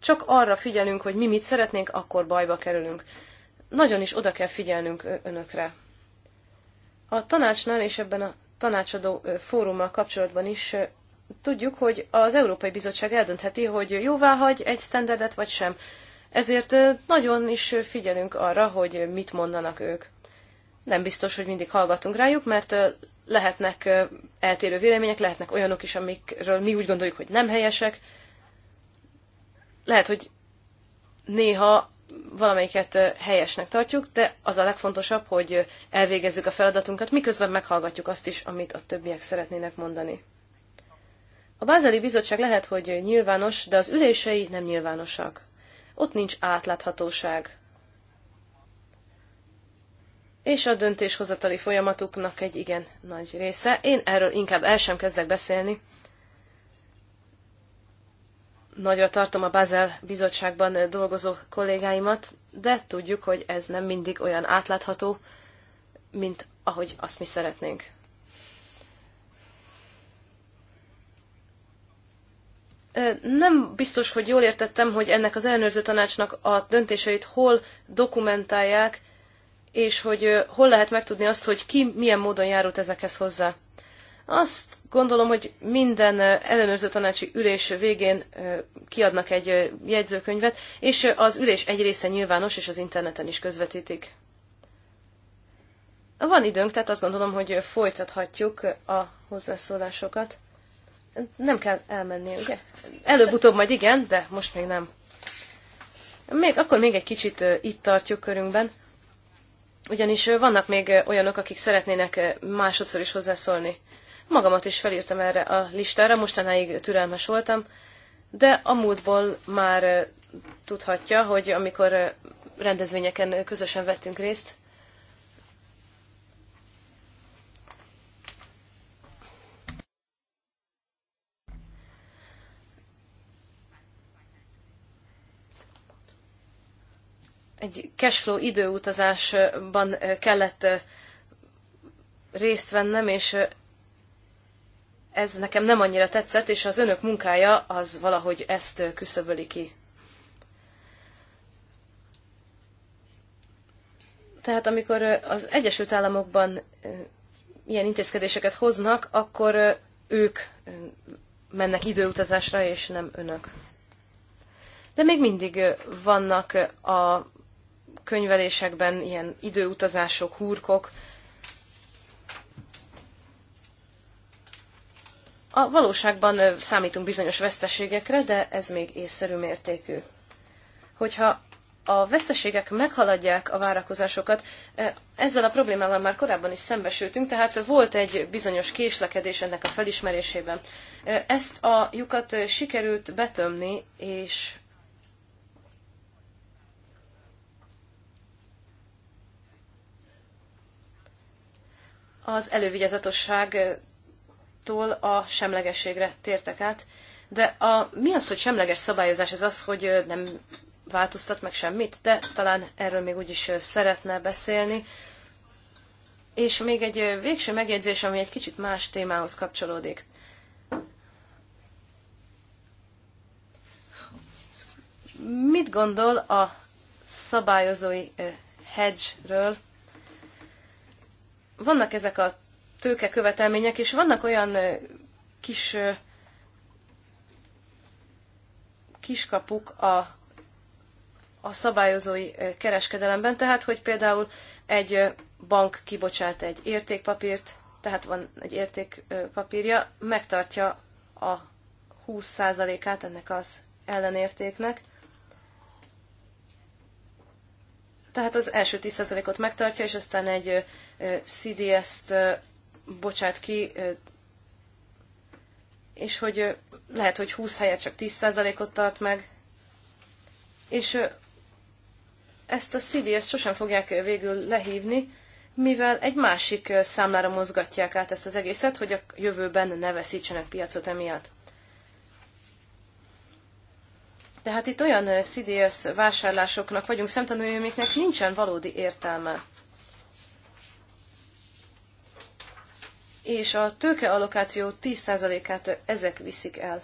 csak arra figyelünk, hogy mi mit szeretnénk, akkor bajba kerülünk. Nagyon is oda kell figyelnünk eh, önökre. A tanácsnál és ebben a tanácsadó fórummal kapcsolatban is tudjuk, hogy az Európai Bizottság eldöntheti, hogy jóvá hagy egy standardet, vagy sem. Ezért nagyon is figyelünk arra, hogy mit mondanak ők. Nem biztos, hogy mindig hallgatunk rájuk, mert lehetnek eltérő vélemények, lehetnek olyanok is, amikről mi úgy gondoljuk, hogy nem helyesek. Lehet, hogy néha valamelyiket helyesnek tartjuk, de az a legfontosabb, hogy elvégezzük a feladatunkat, miközben meghallgatjuk azt is, amit a többiek szeretnének mondani. A Bázeli Bizottság lehet, hogy nyilvános, de az ülései nem nyilvánosak. Ott nincs átláthatóság. És a döntéshozatali folyamatuknak egy igen nagy része. Én erről inkább el sem kezdek beszélni. Nagyra tartom a Bazel Bizottságban dolgozó kollégáimat, de tudjuk, hogy ez nem mindig olyan átlátható, mint ahogy azt mi szeretnénk. nem biztos, hogy jól értettem, hogy ennek az ellenőrző tanácsnak a döntéseit hol dokumentálják, és hogy hol lehet megtudni azt, hogy ki milyen módon járult ezekhez hozzá. Azt gondolom, hogy minden ellenőrző tanácsi ülés végén kiadnak egy jegyzőkönyvet, és az ülés egy része nyilvános, és az interneten is közvetítik. Van időnk, tehát azt gondolom, hogy folytathatjuk a hozzászólásokat. Nem kell elmenni, ugye? Előbb-utóbb majd igen, de most még nem. Még, akkor még egy kicsit itt tartjuk körünkben, ugyanis vannak még olyanok, akik szeretnének másodszor is hozzászólni. Magamat is felírtam erre a listára, mostanáig türelmes voltam, de a múltból már tudhatja, hogy amikor rendezvényeken közösen vettünk részt, egy cashflow időutazásban kellett részt vennem, és ez nekem nem annyira tetszett, és az önök munkája az valahogy ezt küszöböli ki. Tehát amikor az Egyesült Államokban ilyen intézkedéseket hoznak, akkor ők mennek időutazásra, és nem önök. De még mindig vannak a könyvelésekben, ilyen időutazások, húrkok. A valóságban számítunk bizonyos veszteségekre, de ez még észszerű mértékű. Hogyha a veszteségek meghaladják a várakozásokat, ezzel a problémával már korábban is szembesültünk, tehát volt egy bizonyos késlekedés ennek a felismerésében. Ezt a lyukat sikerült betömni, és az elővigyázatosságtól a semlegességre tértek át. De a, mi az, hogy semleges szabályozás? Ez az, hogy nem változtat meg semmit, de talán erről még úgyis szeretne beszélni. És még egy végső megjegyzés, ami egy kicsit más témához kapcsolódik. Mit gondol a szabályozói hedge-ről, vannak ezek a tőke követelmények, és vannak olyan kis kiskapuk a, a szabályozói kereskedelemben, tehát hogy például egy bank kibocsát egy értékpapírt, tehát van egy értékpapírja, megtartja a 20%-át ennek az ellenértéknek, Tehát az első 10%-ot megtartja, és aztán egy CDS-t bocsát ki, és hogy lehet, hogy 20 helyet csak 10%-ot tart meg, és ezt a CDS-t sosem fogják végül lehívni, mivel egy másik számlára mozgatják át ezt az egészet, hogy a jövőben ne veszítsenek piacot emiatt. Tehát itt olyan CDS vásárlásoknak vagyunk szemtanúi, amiknek nincsen valódi értelme. És a tőkeallokáció 10%-át ezek viszik el.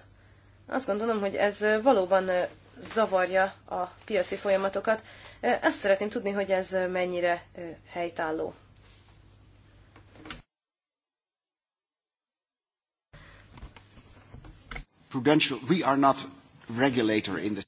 Azt gondolom, hogy ez valóban zavarja a piaci folyamatokat. Ezt szeretném tudni, hogy ez mennyire helytálló. Prudential, we are not regulator in the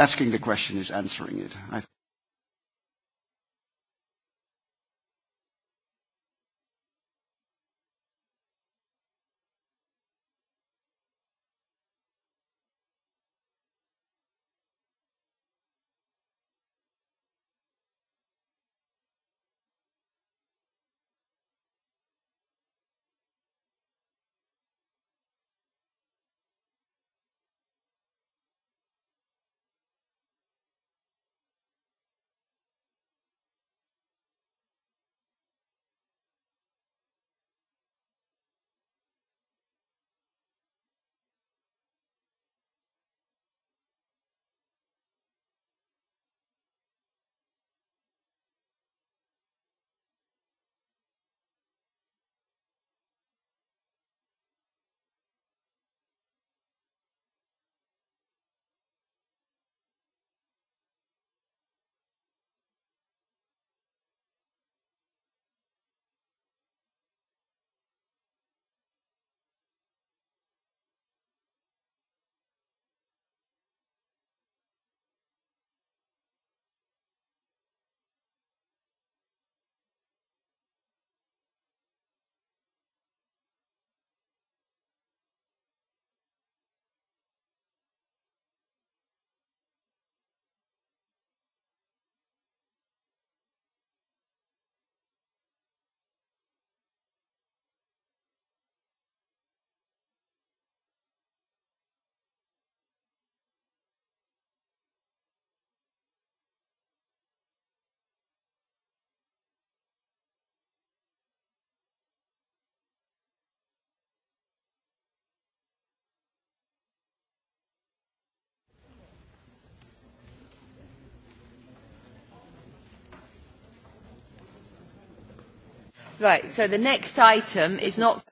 asking the question is answering it. I Right, so the next item is not...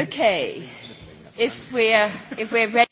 Okay, if we're, if we're ready.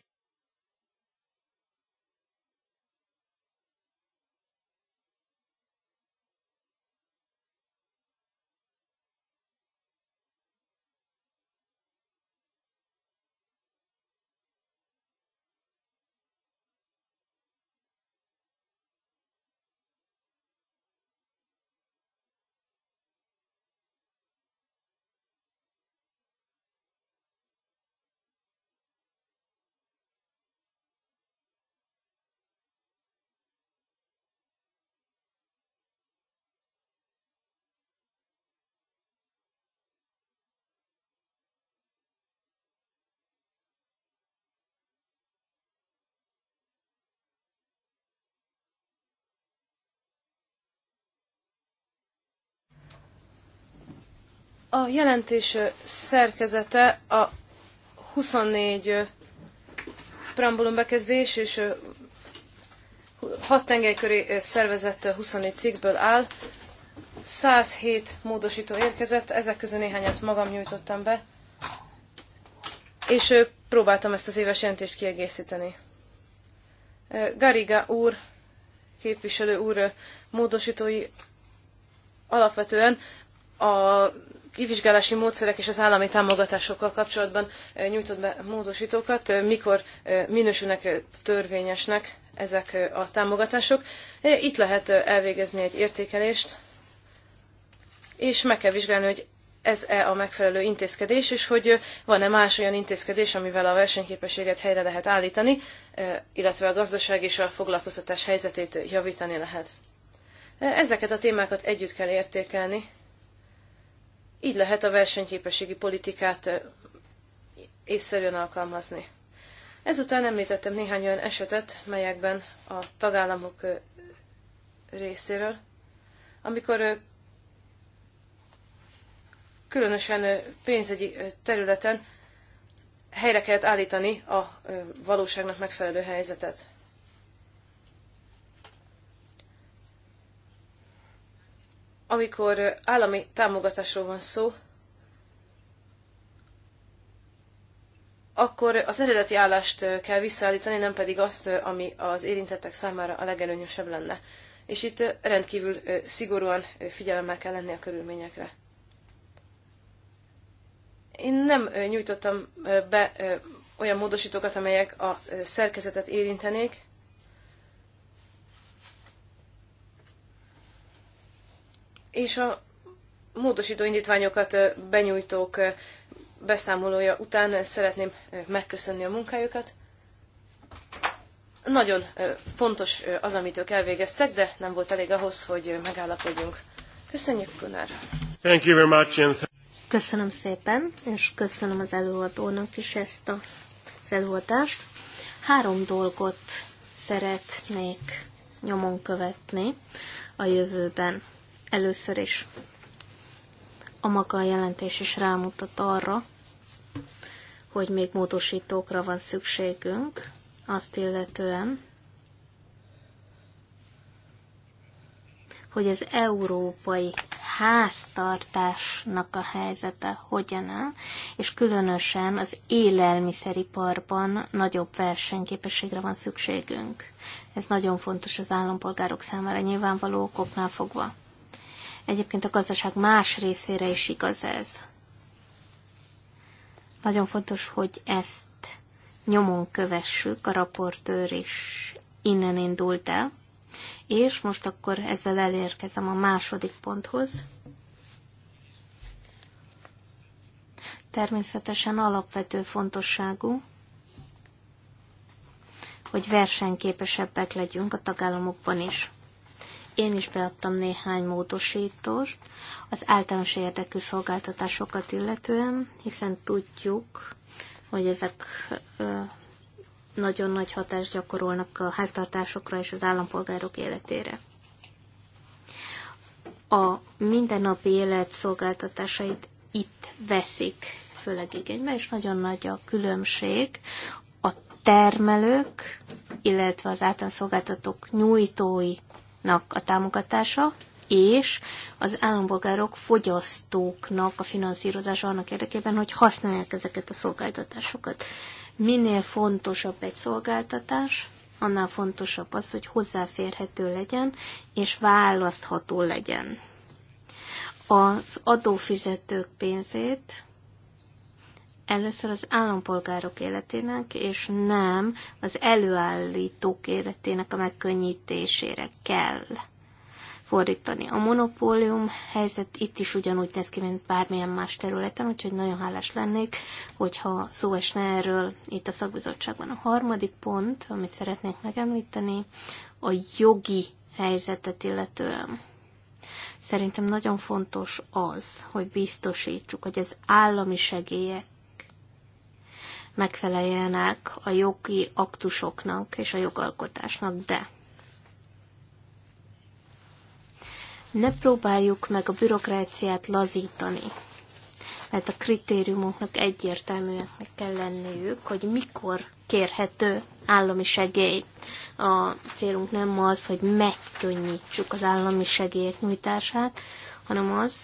A jelentés szerkezete a 24 preambulum bekezdés és 6 tengely köré szervezett 24 cikkből áll. 107 módosító érkezett, ezek közül néhányat magam nyújtottam be, és próbáltam ezt az éves jelentést kiegészíteni. Gariga úr, képviselő úr módosítói alapvetően a kivizsgálási módszerek és az állami támogatásokkal kapcsolatban eh, nyújtott be módosítókat, eh, mikor eh, minősülnek törvényesnek ezek a támogatások. Itt lehet elvégezni egy értékelést, és meg kell vizsgálni, hogy ez-e a megfelelő intézkedés, és hogy van-e más olyan intézkedés, amivel a versenyképességet helyre lehet állítani, illetve a gazdaság és a foglalkoztatás helyzetét javítani lehet. Ezeket a témákat együtt kell értékelni, így lehet a versenyképességi politikát észszerűen alkalmazni. Ezután említettem néhány olyan esetet, melyekben a tagállamok részéről, amikor különösen pénzügyi területen helyre kellett állítani a valóságnak megfelelő helyzetet. amikor állami támogatásról van szó, akkor az eredeti állást kell visszaállítani, nem pedig azt, ami az érintettek számára a legelőnyösebb lenne. És itt rendkívül szigorúan figyelemmel kell lenni a körülményekre. Én nem nyújtottam be olyan módosítókat, amelyek a szerkezetet érintenék, és a módosító indítványokat benyújtók beszámolója után szeretném megköszönni a munkájukat. Nagyon fontos az, amit ők elvégeztek, de nem volt elég ahhoz, hogy megállapodjunk. Köszönjük, Gunnar! Thank you very much, Köszönöm szépen, és köszönöm az előadónak is ezt a, az előadást. Három dolgot szeretnék nyomon követni a jövőben. Először is a maga a jelentés is rámutat arra, hogy még módosítókra van szükségünk, azt illetően, hogy az európai háztartásnak a helyzete hogyan áll, és különösen az élelmiszeriparban nagyobb versenyképességre van szükségünk. Ez nagyon fontos az állampolgárok számára nyilvánvaló okoknál fogva. Egyébként a gazdaság más részére is igaz ez. Nagyon fontos, hogy ezt nyomon kövessük, a raportőr is innen indult el. És most akkor ezzel elérkezem a második ponthoz. Természetesen alapvető fontosságú, hogy versenyképesebbek legyünk a tagállamokban is. Én is beadtam néhány módosítóst az általános érdekű szolgáltatásokat illetően, hiszen tudjuk, hogy ezek nagyon nagy hatást gyakorolnak a háztartásokra és az állampolgárok életére. A mindennapi élet szolgáltatásait itt veszik főleg igénybe, és nagyon nagy a különbség a termelők, illetve az általános szolgáltatók nyújtói a támogatása, és az állampolgárok fogyasztóknak a finanszírozása annak érdekében, hogy használják ezeket a szolgáltatásokat. Minél fontosabb egy szolgáltatás, annál fontosabb az, hogy hozzáférhető legyen, és választható legyen. Az adófizetők pénzét először az állampolgárok életének, és nem az előállítók életének a megkönnyítésére kell fordítani. A monopólium helyzet itt is ugyanúgy néz ki, mint bármilyen más területen, úgyhogy nagyon hálás lennék, hogyha szó esne erről itt a szakbizottságban. A harmadik pont, amit szeretnék megemlíteni, a jogi helyzetet illetően. Szerintem nagyon fontos az, hogy biztosítsuk, hogy az állami segélyek megfeleljenek a jogi aktusoknak és a jogalkotásnak, de ne próbáljuk meg a bürokráciát lazítani, mert a kritériumoknak egyértelműeknek kell lenniük, hogy mikor kérhető állami segély. A célunk nem az, hogy megkönnyítsük az állami segélyek nyújtását, hanem az,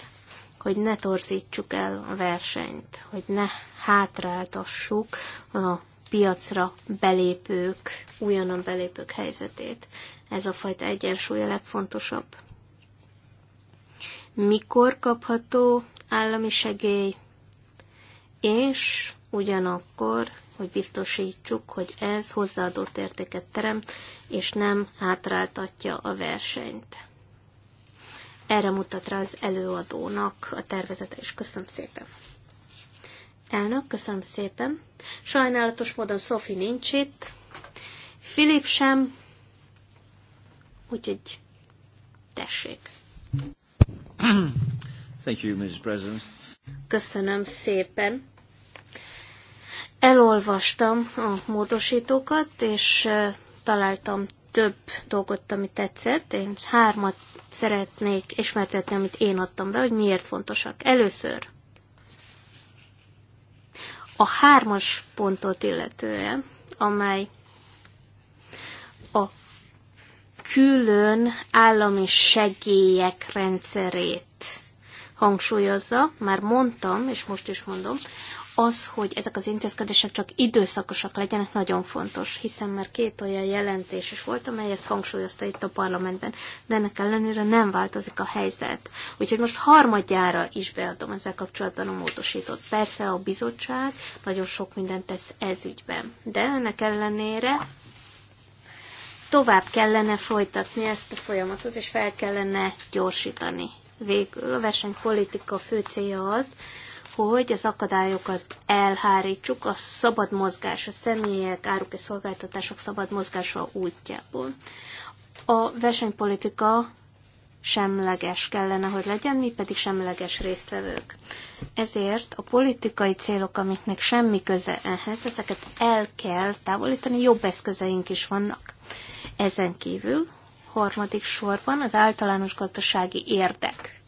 hogy ne torzítsuk el a versenyt, hogy ne hátráltassuk a piacra belépők, újonnan belépők helyzetét. Ez a fajta egyensúly a legfontosabb. Mikor kapható állami segély, és ugyanakkor, hogy biztosítsuk, hogy ez hozzáadott értéket terem, és nem hátráltatja a versenyt. Erre mutat rá az előadónak a tervezete is. Köszönöm szépen. Elnök, köszönöm szépen. Sajnálatos módon Szofi nincs itt, Filip sem, úgyhogy tessék. Thank you, Mrs. President. Köszönöm szépen. Elolvastam a módosítókat, és eh, találtam több dolgot, ami tetszett. Én hármat szeretnék ismertetni, amit én adtam be, hogy miért fontosak. Először a hármas pontot illetően, amely a külön állami segélyek rendszerét hangsúlyozza, már mondtam, és most is mondom, az, hogy ezek az intézkedések csak időszakosak legyenek, nagyon fontos, hiszen már két olyan jelentés is volt, amely ezt hangsúlyozta itt a parlamentben, de ennek ellenére nem változik a helyzet. Úgyhogy most harmadjára is beadom ezzel kapcsolatban a módosított. Persze a bizottság nagyon sok mindent tesz ez ügyben, de ennek ellenére tovább kellene folytatni ezt a folyamatot, és fel kellene gyorsítani. Végül a versenypolitika fő célja az, hogy az akadályokat elhárítsuk a szabad mozgás, a személyek, áruk és szolgáltatások szabad mozgása útjából. A versenypolitika semleges kellene, hogy legyen, mi pedig semleges résztvevők. Ezért a politikai célok, amiknek semmi köze ehhez, ezeket el kell távolítani, jobb eszközeink is vannak. Ezen kívül harmadik sorban az általános gazdasági érdek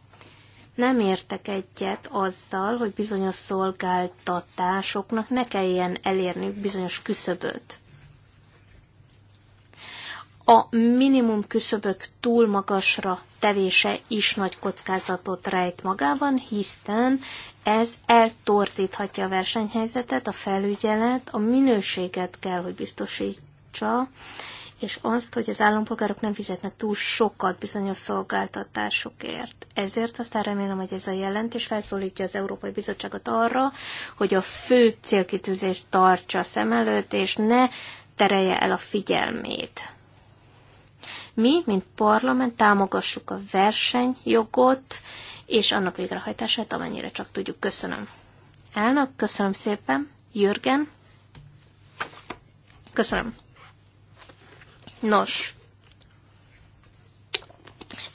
nem értek egyet azzal, hogy bizonyos szolgáltatásoknak ne kelljen elérniük bizonyos küszöböt. A minimum küszöbök túl magasra tevése is nagy kockázatot rejt magában, hiszen ez eltorzíthatja a versenyhelyzetet, a felügyelet, a minőséget kell, hogy biztosítsa, és azt, hogy az állampolgárok nem fizetnek túl sokat bizonyos szolgáltatásokért. Ezért aztán remélem, hogy ez a jelentés felszólítja az Európai Bizottságot arra, hogy a fő célkitűzést tartsa szem előtt, és ne terelje el a figyelmét. Mi, mint parlament támogassuk a versenyjogot és annak végrehajtását, amennyire csak tudjuk. Köszönöm. Elnök, köszönöm szépen. Jürgen. Köszönöm. Nos,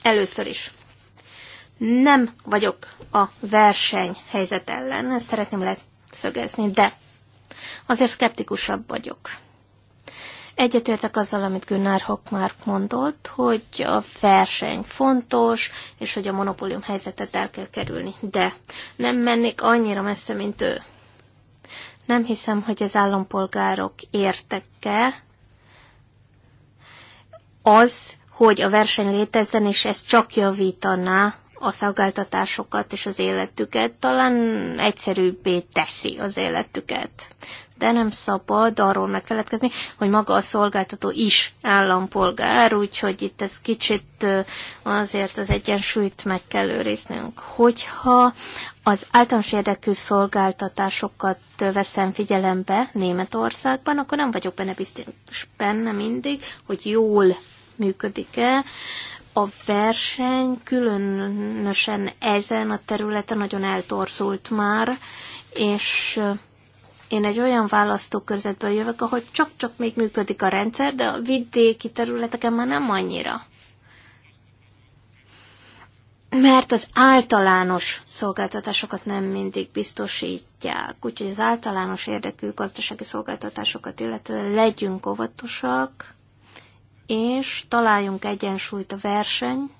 először is nem vagyok a versenyhelyzet ellen, ezt szeretném leszögezni, de azért szkeptikusabb vagyok. Egyetértek azzal, amit Gunnar már mondott, hogy a verseny fontos, és hogy a monopólium helyzetet el kell kerülni. De nem mennék annyira messze, mint ő. Nem hiszem, hogy az állampolgárok értek-e az, hogy a verseny létezzen, és ez csak javítaná a szolgáltatásokat és az életüket, talán egyszerűbbé teszi az életüket. De nem szabad arról megfeledkezni, hogy maga a szolgáltató is állampolgár, úgyhogy itt ez kicsit azért az egyensúlyt meg kell őriznünk. Hogyha az általános érdekű szolgáltatásokat veszem figyelembe Németországban, akkor nem vagyok benne biztos benne mindig, hogy jól működik-e. A verseny különösen ezen a területen nagyon eltorzult már, és én egy olyan választókörzetből jövök, ahol csak-csak még működik a rendszer, de a vidéki területeken már nem annyira. Mert az általános szolgáltatásokat nem mindig biztosítják, úgyhogy az általános érdekű gazdasági szolgáltatásokat illetően legyünk óvatosak, és találjunk egyensúlyt a verseny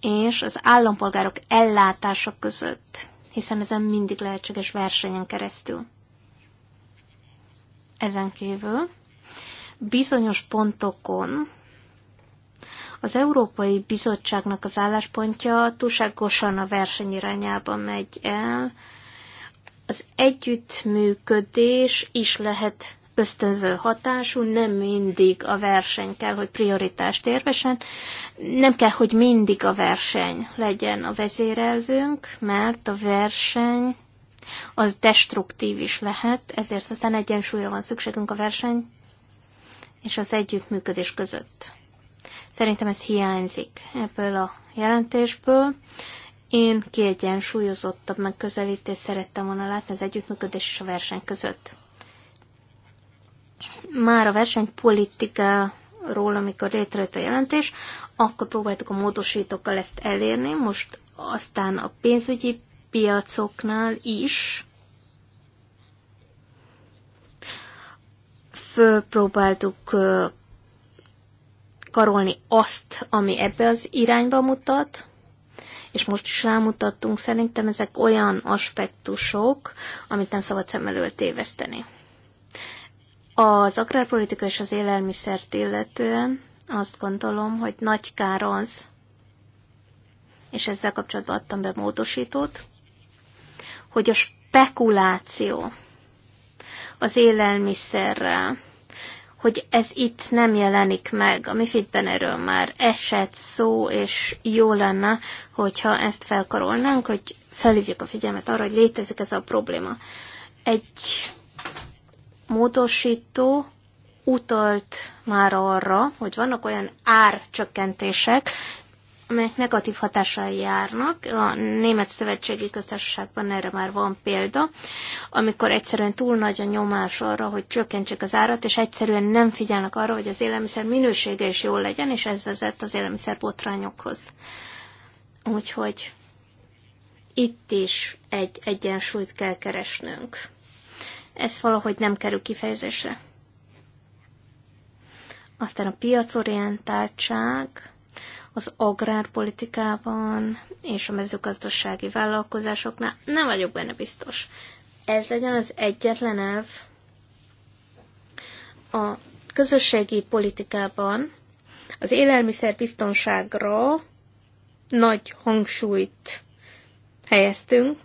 és az állampolgárok ellátása között, hiszen ezen mindig lehetséges versenyen keresztül. Ezen kívül bizonyos pontokon az Európai Bizottságnak az álláspontja túlságosan a verseny irányába megy el, az együttműködés is lehet ösztönző hatású, nem mindig a verseny kell, hogy prioritást érvesen, nem kell, hogy mindig a verseny legyen a vezérelvünk, mert a verseny az destruktív is lehet, ezért aztán egyensúlyra van szükségünk a verseny és az együttműködés között. Szerintem ez hiányzik ebből a jelentésből. Én kiegyensúlyozottabb megközelítést szerettem volna látni az együttműködés és a verseny között már a versenypolitikáról, amikor létrejött a jelentés, akkor próbáltuk a módosítókkal ezt elérni, most aztán a pénzügyi piacoknál is fölpróbáltuk karolni azt, ami ebbe az irányba mutat, és most is rámutattunk, szerintem ezek olyan aspektusok, amit nem szabad szem elől téveszteni. Az agrárpolitika és az élelmiszert illetően azt gondolom, hogy nagy kár az, és ezzel kapcsolatban adtam be módosítót, hogy a spekuláció az élelmiszerrel, hogy ez itt nem jelenik meg. A Mifidben erről már esett szó, és jó lenne, hogyha ezt felkarolnánk, hogy felhívjuk a figyelmet arra, hogy létezik ez a probléma. Egy módosító utalt már arra, hogy vannak olyan árcsökkentések, amelyek negatív hatással járnak. A Német Szövetségi Köztársaságban erre már van példa, amikor egyszerűen túl nagy a nyomás arra, hogy csökkentsék az árat, és egyszerűen nem figyelnek arra, hogy az élelmiszer minősége is jól legyen, és ez vezet az élelmiszer botrányokhoz. Úgyhogy itt is egy egyensúlyt kell keresnünk ez valahogy nem kerül kifejezésre. Aztán a piacorientáltság az agrárpolitikában és a mezőgazdasági vállalkozásoknál nem vagyok benne biztos. Ez legyen az egyetlen elv a közösségi politikában az élelmiszerbiztonságra nagy hangsúlyt helyeztünk,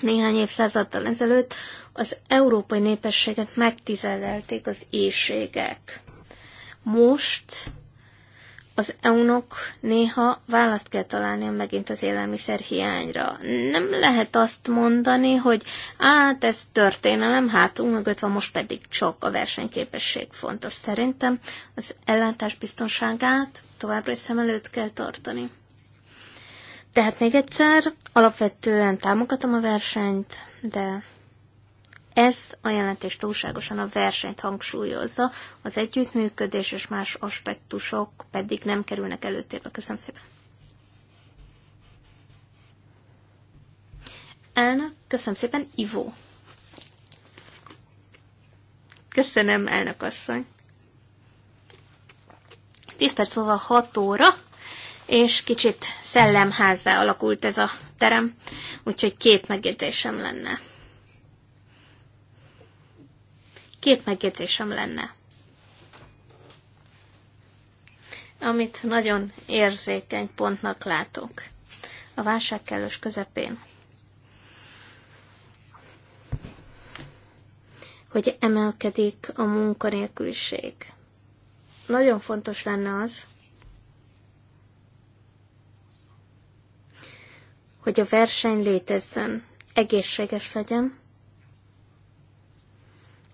néhány évszázaddal ezelőtt az európai népességet megtizedelték az éjségek. Most az eu néha választ kell találnia megint az élelmiszer hiányra. Nem lehet azt mondani, hogy hát ez történelem, hátunk mögött van, most pedig csak a versenyképesség fontos. Szerintem az ellátás biztonságát továbbra is szem előtt kell tartani. Tehát még egyszer, alapvetően támogatom a versenyt, de ez a jelentés túlságosan a versenyt hangsúlyozza, az együttműködés és más aspektusok pedig nem kerülnek előtérbe. Köszönöm szépen. Elnök, köszönöm szépen, Ivó. Köszönöm, elnök asszony. Tíz perc szóval 6 óra, és kicsit szellemházzá alakult ez a terem, úgyhogy két megjegyzésem lenne. Két megjegyzésem lenne. Amit nagyon érzékeny pontnak látok. A válság kellős közepén. Hogy emelkedik a munkanélküliség. Nagyon fontos lenne az, hogy a verseny létezzen, egészséges legyen,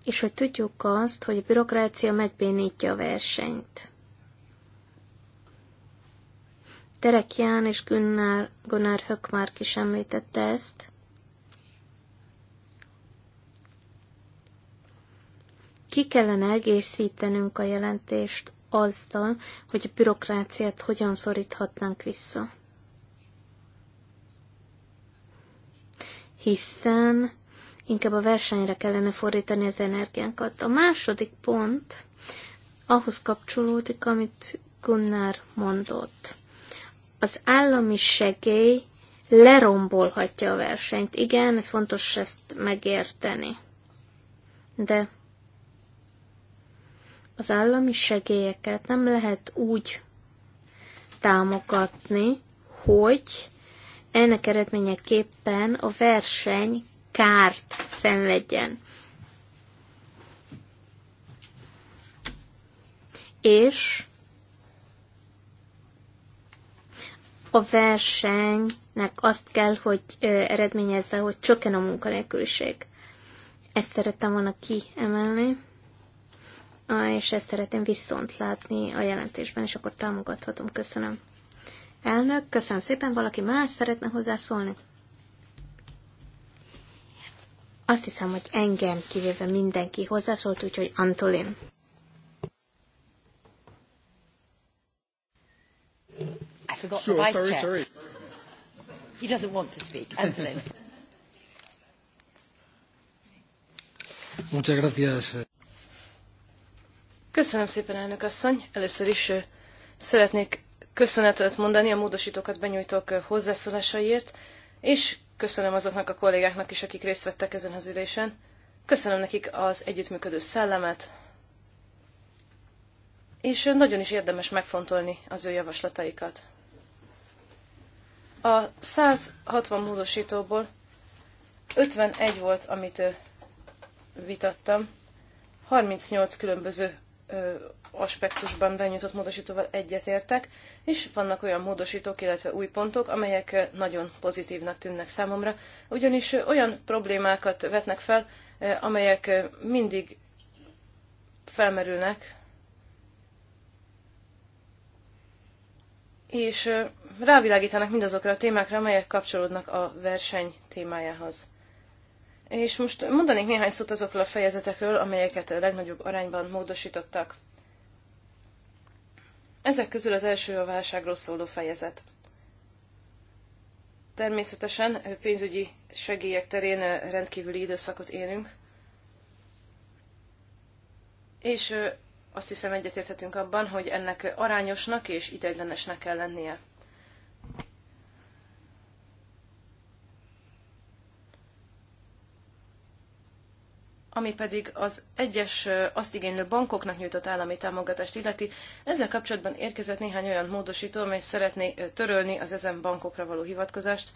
és hogy tudjuk azt, hogy a bürokrácia megbénítja a versenyt. Terek Ján és Gunnar, Gunnar Höckmark is említette ezt. Ki kellene egészítenünk a jelentést azzal, hogy a bürokráciát hogyan szoríthatnánk vissza. hiszen inkább a versenyre kellene fordítani az energiánkat. A második pont ahhoz kapcsolódik, amit Gunnar mondott. Az állami segély lerombolhatja a versenyt. Igen, ez fontos ezt megérteni. De az állami segélyeket nem lehet úgy támogatni, hogy ennek eredményeképpen a verseny kárt szenvedjen. És a versenynek azt kell, hogy eredményezze, hogy csökken a munkanélküliség. Ezt szerettem volna kiemelni, ah, és ezt szeretném viszont látni a jelentésben, és akkor támogathatom. Köszönöm. Elnök, köszönöm szépen, valaki más szeretne hozzászólni? Azt hiszem, hogy engem kivéve mindenki hozzászólt, úgyhogy Antolin. I forgot sure, the vice sorry, chair. Sorry. He doesn't want to speak. Antolin. Muchas gracias. Köszönöm szépen, elnök asszony. Először is szeretnék köszönetet mondani a módosítókat benyújtók hozzászólásaiért, és köszönöm azoknak a kollégáknak is, akik részt vettek ezen az ülésen. Köszönöm nekik az együttműködő szellemet, és nagyon is érdemes megfontolni az ő javaslataikat. A 160 módosítóból 51 volt, amit vitattam, 38 különböző aspektusban benyújtott módosítóval egyetértek, és vannak olyan módosítók, illetve új pontok, amelyek nagyon pozitívnak tűnnek számomra, ugyanis olyan problémákat vetnek fel, amelyek mindig felmerülnek, és rávilágítanak mindazokra a témákra, amelyek kapcsolódnak a verseny témájához. És most mondanék néhány szót azokról a fejezetekről, amelyeket a legnagyobb arányban módosítottak. Ezek közül az első a válságról szóló fejezet. Természetesen pénzügyi segélyek terén rendkívüli időszakot élünk, és azt hiszem egyetérthetünk abban, hogy ennek arányosnak és ideiglenesnek kell lennie. ami pedig az egyes azt igénylő bankoknak nyújtott állami támogatást illeti. Ezzel kapcsolatban érkezett néhány olyan módosító, amely szeretné törölni az ezen bankokra való hivatkozást.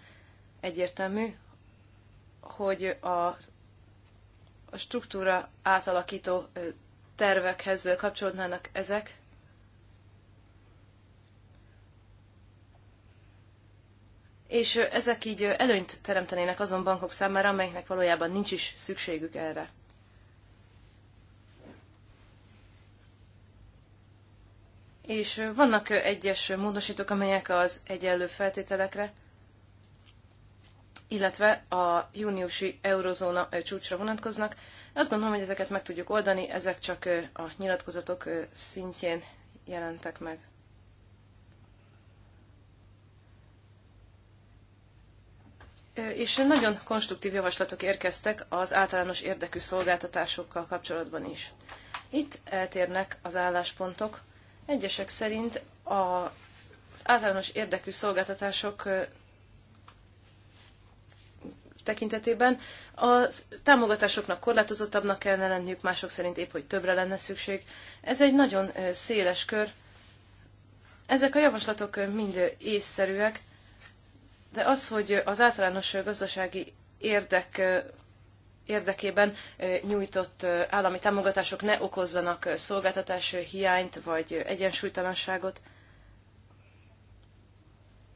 Egyértelmű, hogy a a struktúra átalakító tervekhez kapcsolódnának ezek? És ezek így előnyt teremtenének azon bankok számára, amelyeknek valójában nincs is szükségük erre. és vannak egyes módosítók, amelyek az egyenlő feltételekre, illetve a júniusi eurozóna csúcsra vonatkoznak. Azt gondolom, hogy ezeket meg tudjuk oldani, ezek csak a nyilatkozatok szintjén jelentek meg. És nagyon konstruktív javaslatok érkeztek az általános érdekű szolgáltatásokkal kapcsolatban is. Itt eltérnek az álláspontok, Egyesek szerint az általános érdekű szolgáltatások tekintetében a támogatásoknak korlátozottabbnak kellene lenniük, mások szerint épp, hogy többre lenne szükség. Ez egy nagyon széles kör. Ezek a javaslatok mind észszerűek, de az, hogy az általános gazdasági érdek érdekében nyújtott állami támogatások ne okozzanak szolgáltatás hiányt vagy egyensúlytalanságot,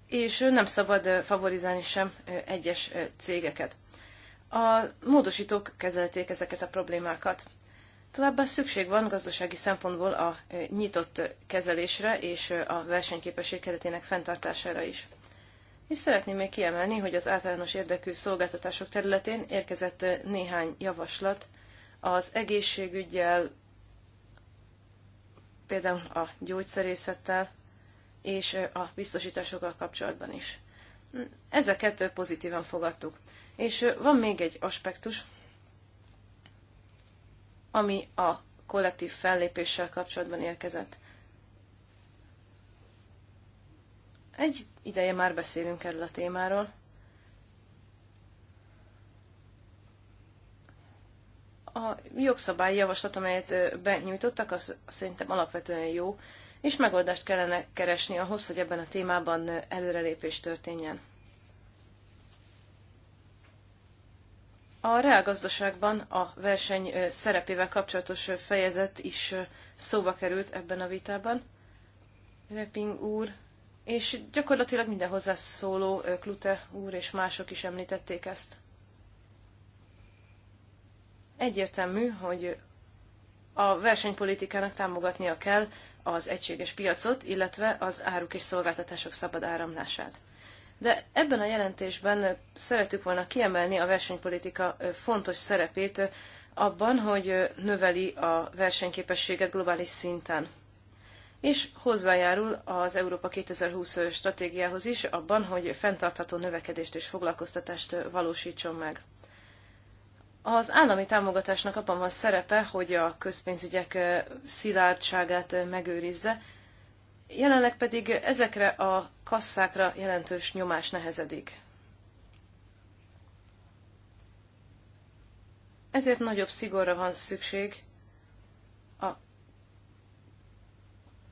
és nem szabad favorizálni sem egyes cégeket. A módosítók kezelték ezeket a problémákat. Továbbá szükség van gazdasági szempontból a nyitott kezelésre és a versenyképesség keretének fenntartására is és szeretném még kiemelni, hogy az általános érdekű szolgáltatások területén érkezett néhány javaslat az egészségügyel, például a gyógyszerészettel és a biztosításokkal kapcsolatban is. Hm, ezeket pozitívan fogadtuk. És van még egy aspektus, ami a kollektív fellépéssel kapcsolatban érkezett. Egy ideje már beszélünk erről a témáról. A jogszabály javaslat, amelyet benyújtottak, az szerintem alapvetően jó, és megoldást kellene keresni ahhoz, hogy ebben a témában előrelépés történjen. A reálgazdaságban a verseny szerepével kapcsolatos fejezet is szóba került ebben a vitában. Reping úr és gyakorlatilag minden hozzászóló, Klute úr és mások is említették ezt. Egyértelmű, hogy a versenypolitikának támogatnia kell az egységes piacot, illetve az áruk és szolgáltatások szabad áramlását. De ebben a jelentésben szeretük volna kiemelni a versenypolitika fontos szerepét abban, hogy növeli a versenyképességet globális szinten és hozzájárul az Európa 2020 stratégiához is abban, hogy fenntartható növekedést és foglalkoztatást valósítson meg. Az állami támogatásnak abban van szerepe, hogy a közpénzügyek szilárdságát megőrizze, jelenleg pedig ezekre a kasszákra jelentős nyomás nehezedik. Ezért nagyobb szigorra van szükség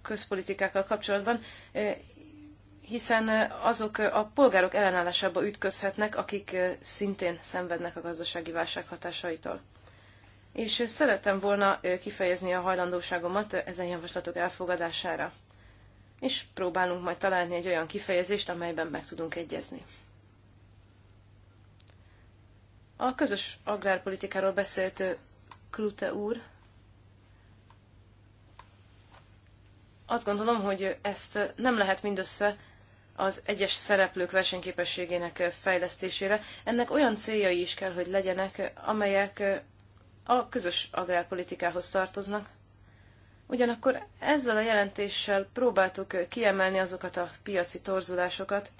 közpolitikákkal kapcsolatban, hiszen azok a polgárok ellenállásába ütközhetnek, akik szintén szenvednek a gazdasági válság hatásaitól. És szerettem volna kifejezni a hajlandóságomat ezen javaslatok elfogadására. És próbálunk majd találni egy olyan kifejezést, amelyben meg tudunk egyezni. A közös agrárpolitikáról beszélt Klute úr, azt gondolom, hogy ezt nem lehet mindössze az egyes szereplők versenyképességének fejlesztésére. Ennek olyan céljai is kell, hogy legyenek, amelyek a közös agrárpolitikához tartoznak. Ugyanakkor ezzel a jelentéssel próbáltuk kiemelni azokat a piaci torzulásokat,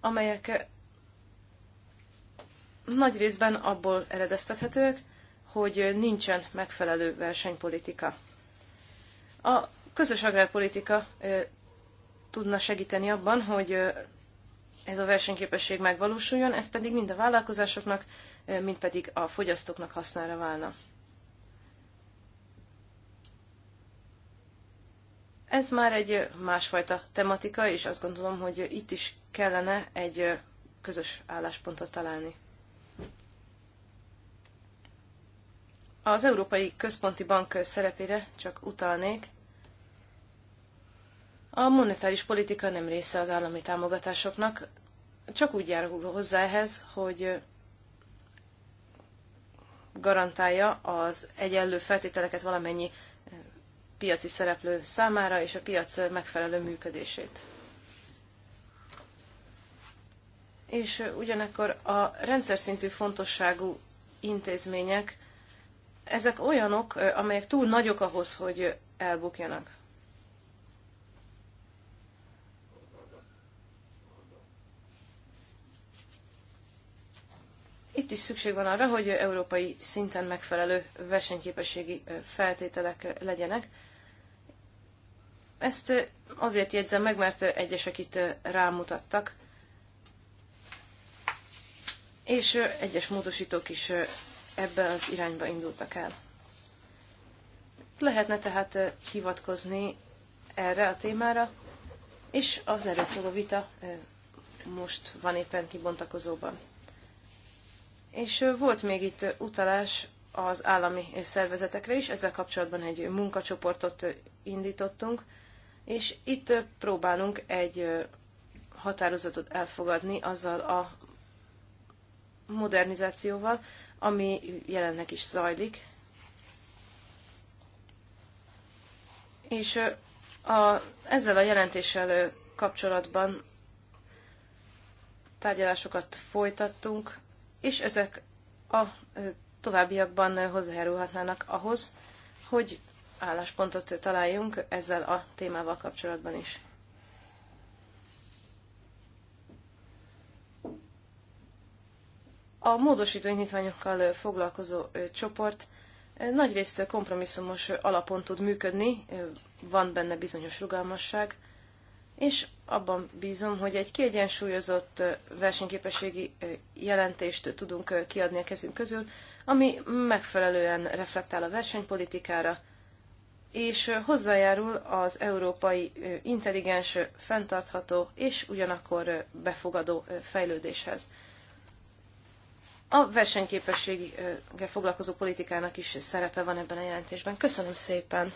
amelyek nagy részben abból eredeztethetők, hogy nincsen megfelelő versenypolitika. A közös agrárpolitika tudna segíteni abban, hogy ez a versenyképesség megvalósuljon, ez pedig mind a vállalkozásoknak, mind pedig a fogyasztóknak hasznára válna. Ez már egy másfajta tematika, és azt gondolom, hogy itt is kellene egy közös álláspontot találni. Az Európai Központi Bank szerepére csak utalnék, a monetáris politika nem része az állami támogatásoknak, csak úgy járul hozzá ehhez, hogy garantálja az egyenlő feltételeket valamennyi piaci szereplő számára és a piac megfelelő működését. És ugyanakkor a rendszer szintű fontosságú intézmények, ezek olyanok, amelyek túl nagyok ahhoz, hogy elbukjanak. Itt is szükség van arra, hogy európai szinten megfelelő versenyképességi feltételek legyenek. Ezt azért jegyzem meg, mert egyesek itt rámutattak, és egyes módosítók is ebbe az irányba indultak el. Lehetne tehát hivatkozni erre a témára, és az erről szóló vita most van éppen kibontakozóban. És volt még itt utalás az állami szervezetekre is, ezzel kapcsolatban egy munkacsoportot indítottunk, és itt próbálunk egy határozatot elfogadni azzal a modernizációval, ami jelenleg is zajlik. És a, ezzel a jelentéssel kapcsolatban tárgyalásokat folytattunk és ezek a továbbiakban hozzájárulhatnának ahhoz, hogy álláspontot találjunk ezzel a témával kapcsolatban is. A módosító indítványokkal foglalkozó csoport nagyrészt kompromisszumos alapon tud működni, van benne bizonyos rugalmasság, és abban bízom, hogy egy kiegyensúlyozott versenyképességi jelentést tudunk kiadni a kezünk közül, ami megfelelően reflektál a versenypolitikára, és hozzájárul az európai intelligens, fenntartható és ugyanakkor befogadó fejlődéshez. A versenyképességgel foglalkozó politikának is szerepe van ebben a jelentésben. Köszönöm szépen!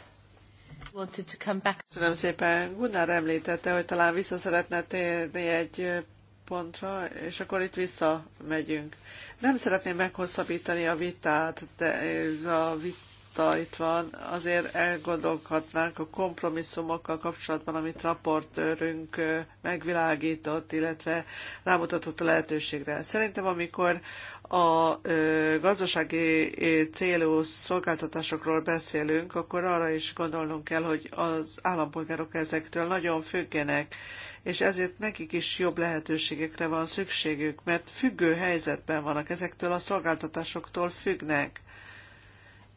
wanted to come back. Köszönöm szépen. Gunnar említette, hogy talán vissza szeretne térni egy pontra, és akkor itt visszamegyünk. Nem szeretném meghosszabbítani a vitát, de ez a vita itt van, azért elgondolkodnánk a kompromisszumokkal kapcsolatban, amit raportőrünk megvilágított, illetve rámutatott a lehetőségre. Szerintem, amikor a gazdasági célú szolgáltatásokról beszélünk, akkor arra is gondolnunk kell, hogy az állampolgárok ezektől nagyon függenek, és ezért nekik is jobb lehetőségekre van szükségük, mert függő helyzetben vannak, ezektől a szolgáltatásoktól függnek.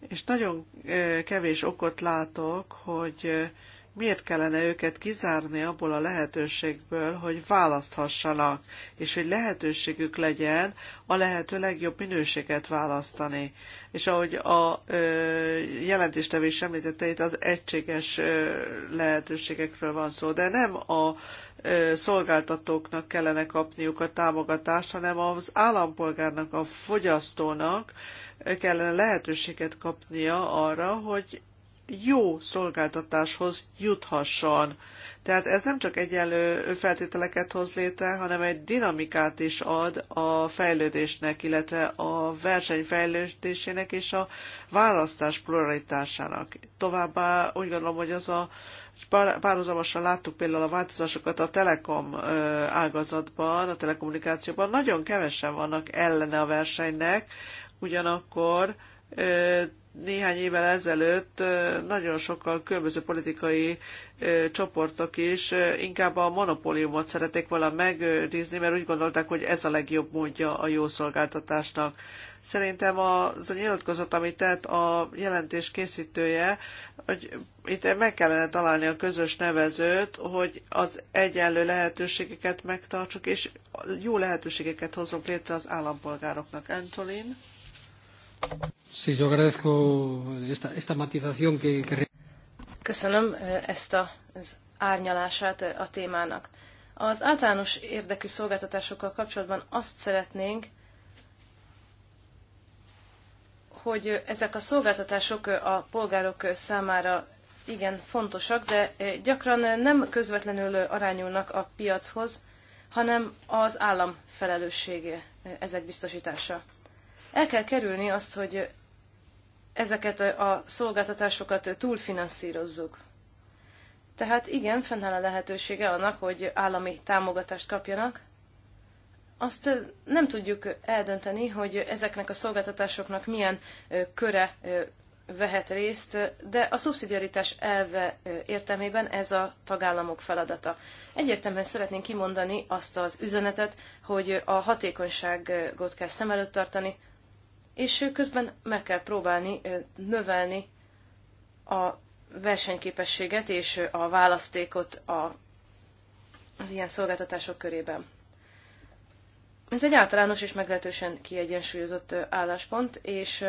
És nagyon kevés okot látok, hogy miért kellene őket kizárni abból a lehetőségből, hogy választhassanak, és hogy lehetőségük legyen a lehető legjobb minőséget választani. És ahogy a ö, is említette, itt az egységes ö, lehetőségekről van szó, de nem a ö, szolgáltatóknak kellene kapniuk a támogatást, hanem az állampolgárnak, a fogyasztónak kellene lehetőséget kapnia arra, hogy jó szolgáltatáshoz juthasson. Tehát ez nem csak egyenlő feltételeket hoz létre, hanem egy dinamikát is ad a fejlődésnek, illetve a verseny fejlődésének és a választás pluralitásának. Továbbá úgy gondolom, hogy az a párhuzamosan láttuk például a változásokat a telekom ágazatban, a telekommunikációban, nagyon kevesen vannak ellene a versenynek, ugyanakkor néhány évvel ezelőtt nagyon sokkal különböző politikai csoportok is inkább a monopóliumot szerették volna megőrizni, mert úgy gondolták, hogy ez a legjobb módja a jó szolgáltatásnak. Szerintem az a nyilatkozat, amit tett a jelentés készítője, hogy itt meg kellene találni a közös nevezőt, hogy az egyenlő lehetőségeket megtartsuk, és jó lehetőségeket hozunk létre az állampolgároknak. Antolin? Sí, yo agradezco esta, esta matización que, que... Köszönöm eh, ezt a, az árnyalását eh, a témának. Az általános érdekű szolgáltatásokkal kapcsolatban azt szeretnénk, hogy eh, ezek a szolgáltatások a polgárok számára igen fontosak, de gyakran nem közvetlenül arányulnak a piachoz, hanem az állam felelőssége ezek biztosítása. El kell kerülni azt, hogy ezeket a szolgáltatásokat túlfinanszírozzuk. Tehát igen, fennáll a lehetősége annak, hogy állami támogatást kapjanak. Azt nem tudjuk eldönteni, hogy ezeknek a szolgáltatásoknak milyen köre vehet részt, de a szubszidiaritás elve értelmében ez a tagállamok feladata. Egyértelműen szeretnénk kimondani azt az üzenetet, hogy a hatékonyságot kell szem előtt tartani, és közben meg kell próbálni növelni a versenyképességet és a választékot a, az ilyen szolgáltatások körében. Ez egy általános és meglehetősen kiegyensúlyozott álláspont, és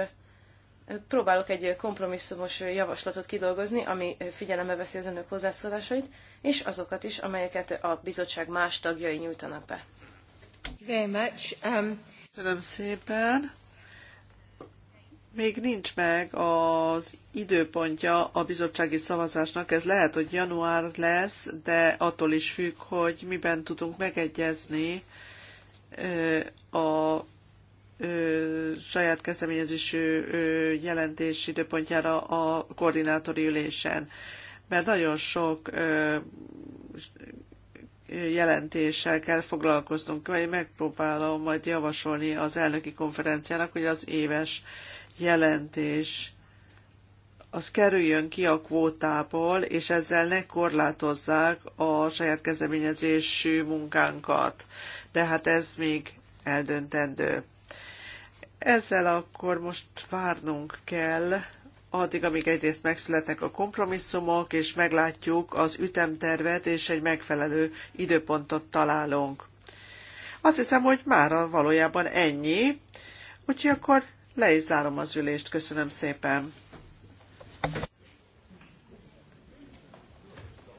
próbálok egy kompromisszumos javaslatot kidolgozni, ami figyelembe veszi az önök hozzászólásait, és azokat is, amelyeket a bizottság más tagjai nyújtanak be. Very much. Um, Köszönöm szépen. Még nincs meg az időpontja a bizottsági szavazásnak, ez lehet, hogy január lesz, de attól is függ, hogy miben tudunk megegyezni a saját kezdeményezésű jelentés időpontjára a koordinátori ülésen. Mert nagyon sok jelentéssel kell foglalkoznunk, vagy megpróbálom majd javasolni az elnöki konferenciának, hogy az éves jelentés, az kerüljön ki a kvótából, és ezzel ne korlátozzák a saját kezdeményezésű munkánkat. De hát ez még eldöntendő. Ezzel akkor most várnunk kell, addig, amíg egyrészt megszületnek a kompromisszumok, és meglátjuk az ütemtervet, és egy megfelelő időpontot találunk. Azt hiszem, hogy már valójában ennyi, úgyhogy akkor le is zárom az ülést. Köszönöm szépen.